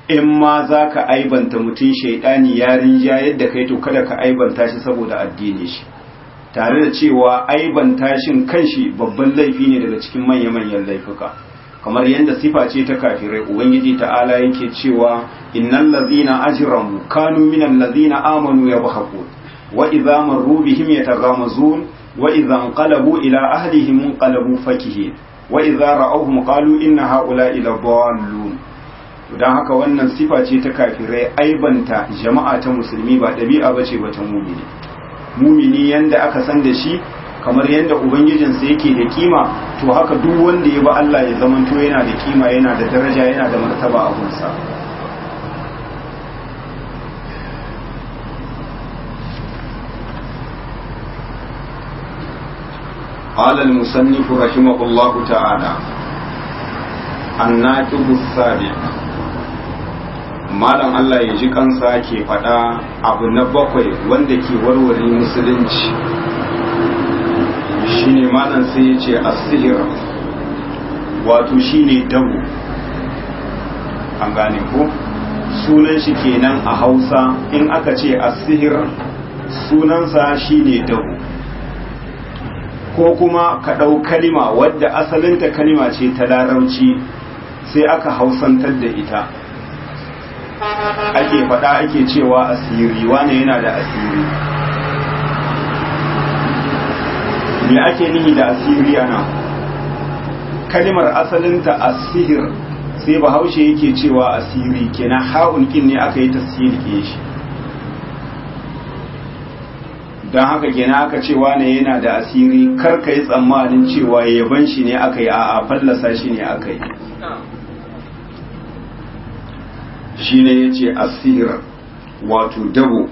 in ma za ka aibanta mutum shaidani ya rinja yadda kai to kada ka aibanta shi saboda addini shi tare da cewa aibanta shin kanshi babban laifi ne daga cikin manya-manyan laifuka kamar yadda sifa ce ta kafirai ubangiji ta'ala yake cewa innal lazina ajramu kanu minal ladzina amanu yabhaqun wa rubi marru bihim yataghamazun wa idza qalabu ila ahlihim qalabu fakihi wa idza ra'awhum qalu inna haula ila dallun dan haka wannan sifa ce ta kafirai aibanta jama'a ta musulmi ba dabi'a bace ba ta mumini mumini yanda aka san da shi kamar yanda ubangijinsa yake da kima to haka duk wanda ya ba Allah ya zamanto yana da kima yana da daraja yana da martaba a gunsa قال المصنف رحمه الله تعالى الناقب السابع malam Allah ya ji kansa ke faɗa abu na bakwai wanda ke warware musulunci shine malam sai ya ce asihir wato shine dabo an gane ko sunan shi kenan a hausa in aka ce asihir sunansa shine dabo ko kuma ka ɗau kalima wadda asalinta kalima ce ta larauci sai aka hausantar da ita ake faɗa ake cewa asiri wane yana da asiri me ake nihi da asiri ana kalimar asalinta asihir sai bahaushe yake cewa asiri kenan ha'un ne aka yi tasiri shi don haka gina aka cewa ne yana da asiri kar ka yi tsammanin cewa yaban shi ne aka yi a'a fallasa shi ne aka yi shi ne ya ce asira wato dabo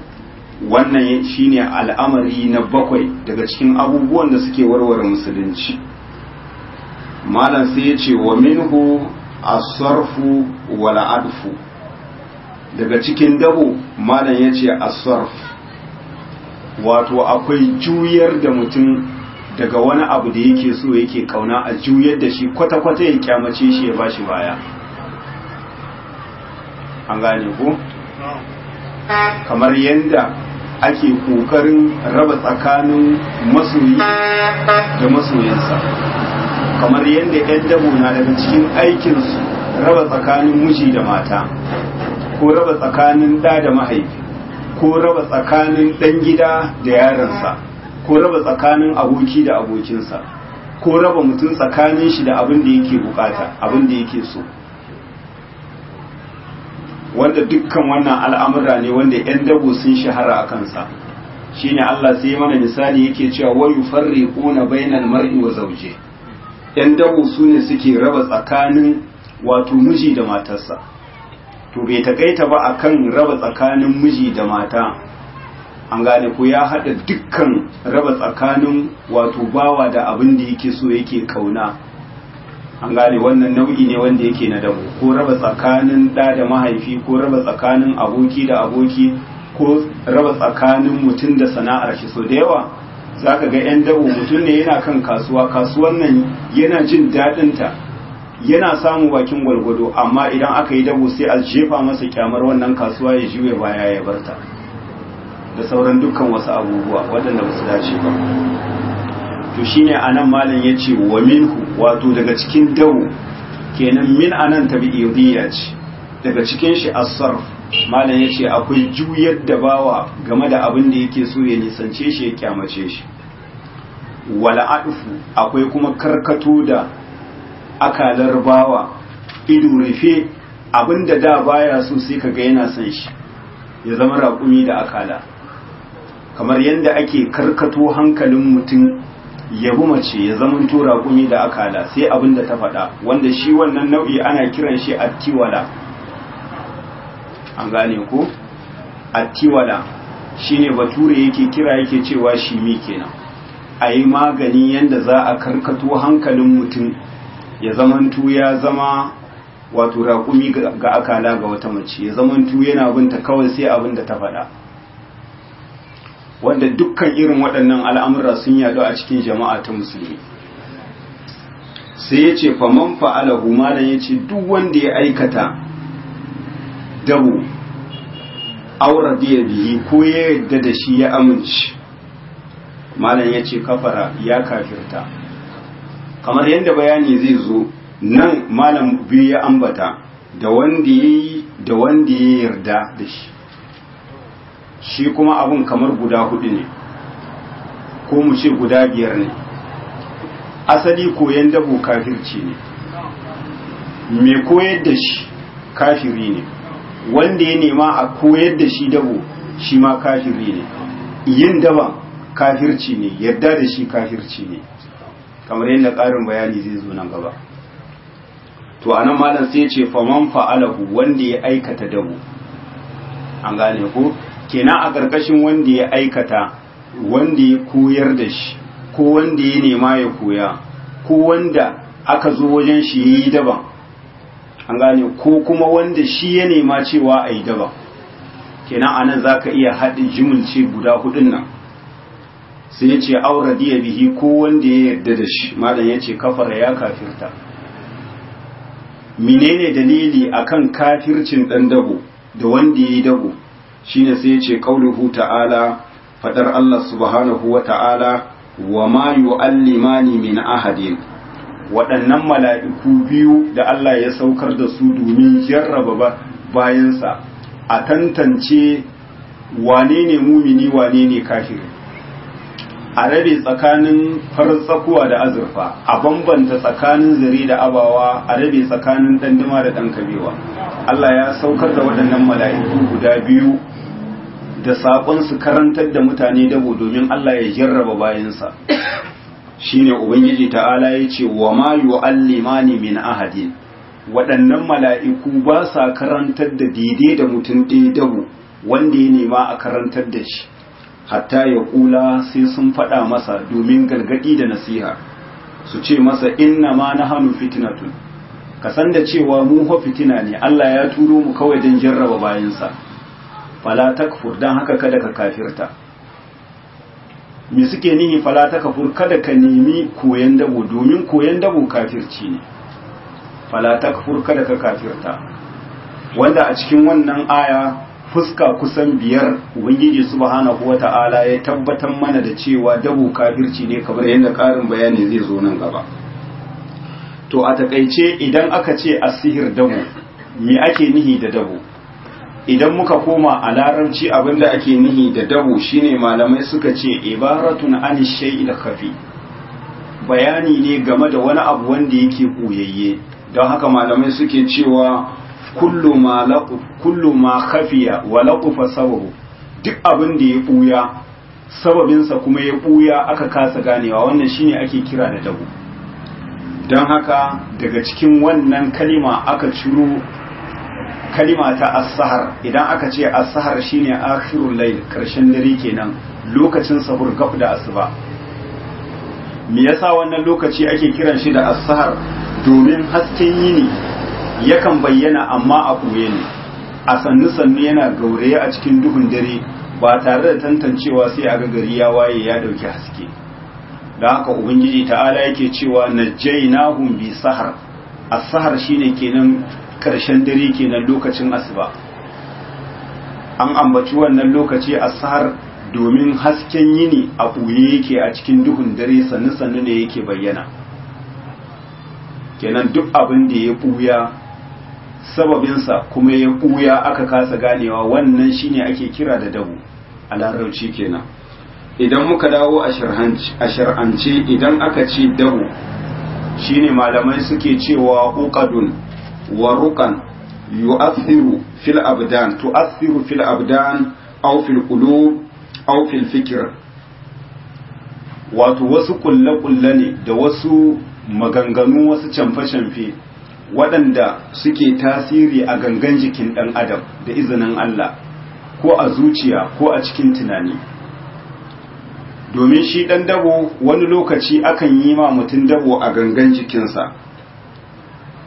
wannan shi ne al'amari na bakwai daga cikin abubuwan da suke warware musulunci malam sai ya ce wa minhu asarfu wa adfu daga cikin dabo malam ya ce asarfu wato akwai juyar da mutum daga wani abu da yake so yake kauna a juyar da shi kwata-kwata ya kyamace shi ya ba shi baya an gane ku? kamar yadda ake kokarin raba tsakanin masoyi da masoyinsa kamar yadda 'yan dabo na daga cikin aikinsu raba tsakanin miji da mata ko raba tsakanin ɗa da mahaifi ko raba tsakanin ɗan gida da yaransa ko raba tsakanin aboki da abokinsa ko raba mutum tsakanin shi da abin da yake bukata abin da yake so wanda dukkan wannan al'amura ne wanda 'yan dabo sun shahara a kansa shine Allah sai mana misali yake cewa wayu farre, farriquna bainal mar'i wa zauje. 'yan dabo su ne suke raba tsakanin wato miji da matarsa to bai takaita ba akan raba tsakanin miji da mata an gane ko ya hada dukkan raba tsakanin wato bawa da abin da yake so yake kauna an gane wannan nau'i ne wanda yake na dabo ko raba tsakanin da da mahaifi ko raba tsakanin aboki da aboki ko raba tsakanin mutum da sana'ar shi so da yawa zaka ga 'yan dabo mutum ne yana kan kasuwa kasuwan nan yana jin daɗinta yana samu bakin gwalgwado amma idan aka yi dabo sai a jefa masa kyamar wannan kasuwa ya juye baya ya barta da sauran dukkan wasu abubuwa waɗanda ba su dace ba to shine anan malam ya ce wa minhu wato daga cikin dawo kenan min anan tabi'idiyya ce daga cikin shi asar malam ya ce akwai juyar da bawa game da abin da yake so ya nisance shi ya kyamace shi wala'adufu akwai kuma karkato da akalar bawa ido rufe abinda da baya so sai kaga yana son shi ya zama rakumi da akala kamar yadda ake karkato hankalin mutum ya mace ya zama to raƙumi da akala sai abinda ta faɗa wanda shi wannan nau'i ana kiran shi attiwala an gane ko attiwala shine bature yake kira yake cewa shi shimi kenan a yi magani yadda za a karkato hankalin mutum ya zamantu ya zama wato raƙumi ga akala ga wata mace ya zamantu yana binta kawai sai abin da ta faɗa wanda dukkan irin waɗannan al'amura sun yaɗu a cikin jama'a ta musulmi sai ya ce faman fa’ala malam ya ce duk wanda ya aikata dabo aura da bihi ko ya yadda da shi ya amince malam ya ce kafara ya kafirta kamar yadda bayani zai zo nan malam biyu ya ambata da wanda ya yi da wanda ya yarda da shi shi kuma abin kamar guda hudu ne ko mu ce guda biyar ne asali koyan dabo kafirci ne mai koyar da shi kafiri ne wanda ya nema a koyar da shi dabo shi ma kafiri ne yin daban kafirci ne yarda da shi kafirci ne kamar yadda ƙarin bayani zai zo nan gaba to a nan malam sai ce faman fa'alahu wanda ya aikata dabu an gane ko kenan a ƙarƙashin wanda ya aikata wanda ya koyar da shi ko wanda ya nema ya koya ko wanda aka zo wajen shi ya yi daban an gane ko kuma wanda shi ya nema cewa a yi daban kenan a nan za ka iya haɗin jimulce guda hudun nan sai ya ce diya bihi ko wanda ya yarda da shi malam ya ce kafara ya kafirta menene dalili akan kafircin dan dago da wanda ya yi dago shine sai ya ce qauluhu ta'ala fadar Allah subhanahu wa ta'ala wa ma yu'allimani min ahadin waɗannan mala'iku biyu da Allah ya saukar da su domin jarraba bayansa a tantance wane ne mumini wane ne kafiri a rabe tsakanin farar da azurfa a bambanta tsakanin zare da abawa a rabe tsakanin dandama da dan kabewa Allah ya saukar da waɗannan mala'iku guda biyu da saƙon su karantar da mutane dabo domin Allah ya jarraba bayansa shine ubangiji ta'ala ya ce wa ma yu'allimani min ahadin waɗannan mala'iku ba sa karantar da daidai da mutum ɗaya dabo wanda ya nema a karantar da shi hatta ya kula sai sun faɗa masa domin gargaɗi da nasiha su ce masa inna ma na hannu fitinatun ka san da cewa mu ho fitina ne Allah ya turo mu kawai don jarraba bayansa fala takfur don haka kada ka kafirta me suke nihi fala takfur kada ka nemi koyan dabo domin koyan dabo kafirci ne fala takfur kada ka kafirta wanda a cikin wannan aya fuska kusan biyar ubangiji subhanahu wata'ala ya tabbatar mana da cewa dabu kafirci ne kamar yadda karin bayani zai zo nan gaba to a takaice idan aka ce asihir dabu me ake nihi da dabo idan muka koma a larabci abinda ake nihi da dabu shine malamai suka ce ibaratun an shay'il khafi bayani ne game da wani abu wanda yake koyayye don haka malamai suke cewa kullu ma laqu kullu wa sababu duk abin da ya buya sababinsa kuma ya buya aka kasa ganewa wannan shine ake kira da dabu don haka daga cikin wannan kalima aka ciro kalima ta asahar idan aka ce as shine akhirul layl karshen dare kenan lokacin sahur gab da asuba me yasa wannan lokaci ake kiran shi da as domin hasken yini yakan bayyana amma a ɓoye ne a sannu sannu yana gauraye a cikin duhun dare ba tare da tantancewa sai a gari ya waye ya ɗauki haske da haka ubangiji ta'ala yake cewa na na bi sahar a sahar shine kenan karshen dare kenan lokacin asuba an ambaci wannan lokaci a sahar domin hasken yini a buye yake a cikin duhun dare sannu sannu ne yake bayyana kenan duk abin da ya buya. sababinsa kuma ya ɓuya aka kasa ganewa wannan shine ake kira da dabu a larabci kenan idan muka dawo a shar'ance idan aka ce dabu shine malamai suke cewa uqadun wa ruqan yu'athiru fil abdan tu'athiru fil abdan aw fil qulub aw fil fikr wato wasu kulle ne da wasu maganganu wasu camfe canfe. waɗanda suke tasiri a gangan jikin ɗan adam da izinin Allah ko a zuciya ko a cikin tunani domin shi ɗan dabo wani lokaci akan yi ma mutum dabo a gangan jikinsa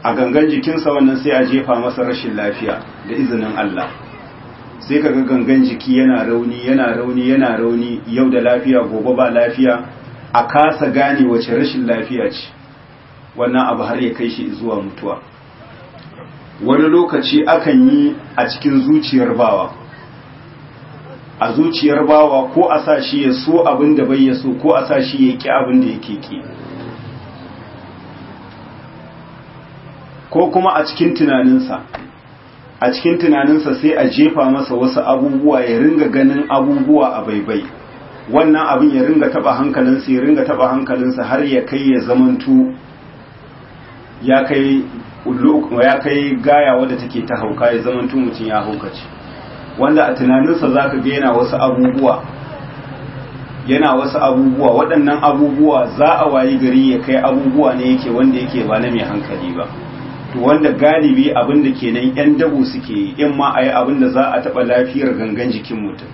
a gangan jikinsa wannan sai a jefa masa rashin lafiya da izinin Allah sai kaga gangan jiki yana rauni yana rauni yana rauni yau da lafiya gobe ba lafiya a kasa gane wace rashin lafiya ce wannan abu har ya kai shi zuwa mutuwa wani lokaci akan yi a cikin zuciyar bawa a zuciyar bawa ko a sa shi ya so abin da bai ya so ko a sa shi ya ki abin da yake ki ko kuma a cikin tunaninsa a cikin tunaninsa sai a jefa masa wasu abubuwa ya ringa ganin abubuwa a baibai wannan abin ya ringa taba hankalinsa ya ringa taba hankalinsa har ya kai ya zamantu ya kai ya kai gaya wadda take ta hauka ya zama mutum ya haukace wanda a tunaninsa za ka ga yana wasu abubuwa yana wasu abubuwa waɗannan abubuwa za a wayi gari ya kai abubuwa ne yake wanda yake ba na mai hankali ba to wanda galibi abin da kenan yan dabo suke yi in ma a yi abin da za a taɓa lafiyar gangan jikin mutum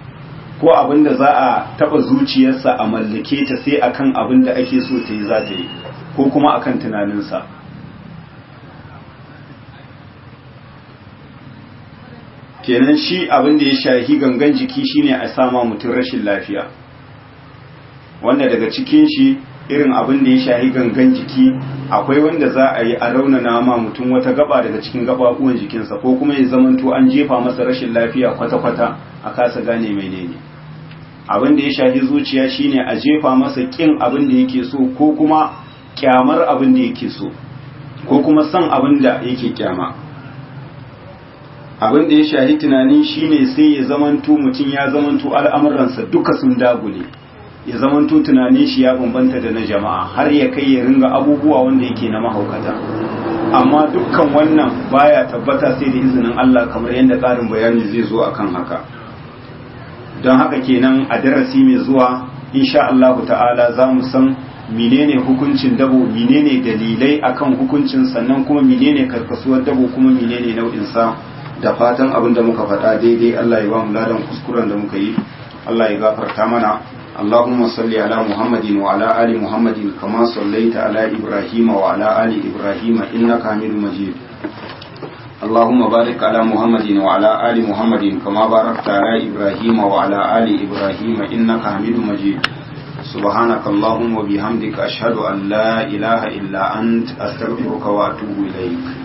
ko abin da za a taɓa zuciyarsa a mallake ta sai akan abin da ake so ta yi za ta yi ko kuma akan tunaninsa kenan shi abin da ya shahi gangan jiki shine a sama mutum rashin lafiya wanda daga cikin shi irin abin da ya shahi gangan jiki akwai wanda za a yi a raunana ma mutum wata gaba daga cikin gababuwan jikinsa ko kuma ya zamanto an jefa masa rashin lafiya kwata-kwata a kasa gane menene abin da ya shahi zuciya shine a jefa masa kin abin da yake so ko kuma kyamar abin da yake so ko kuma son abin da yake kyama abin da ya shahi tunanin shine sai ya zamanto mutum ya zamanto al'amuransa duka sun dagule ya zamanto tunanin shi ya bambanta da na jama'a har ya kai ya ringa abubuwa wanda yake na mahaukata amma dukkan wannan baya tabbata sai da izinin Allah kamar yadda tsarin bayani zai zo akan haka don haka kenan a darasi mai zuwa insha Allah ta'ala za mu san menene hukuncin dabo menene dalilai akan hukuncin sannan kuma menene karkasuwar dabo kuma menene nau'in sa da fatan abin da muka faɗa daidai Allah ya ba mu ladan kuskuren da muka yi Allah ya gafarta mana Allahumma salli ala Muhammadin wa ala ali Muhammadin kama sallaita ala Ibrahim wa ala ali Ibrahim innaka Hamidum Majid Allahumma barik ala Muhammadin wa ali Muhammadin kama barakta ala Ibrahim ala ali Ibrahim innaka Hamidum Majid سبحانك اللهم وبحمدك أشهد أن لا إله إلا أنت أستغفرك وأتوب إليك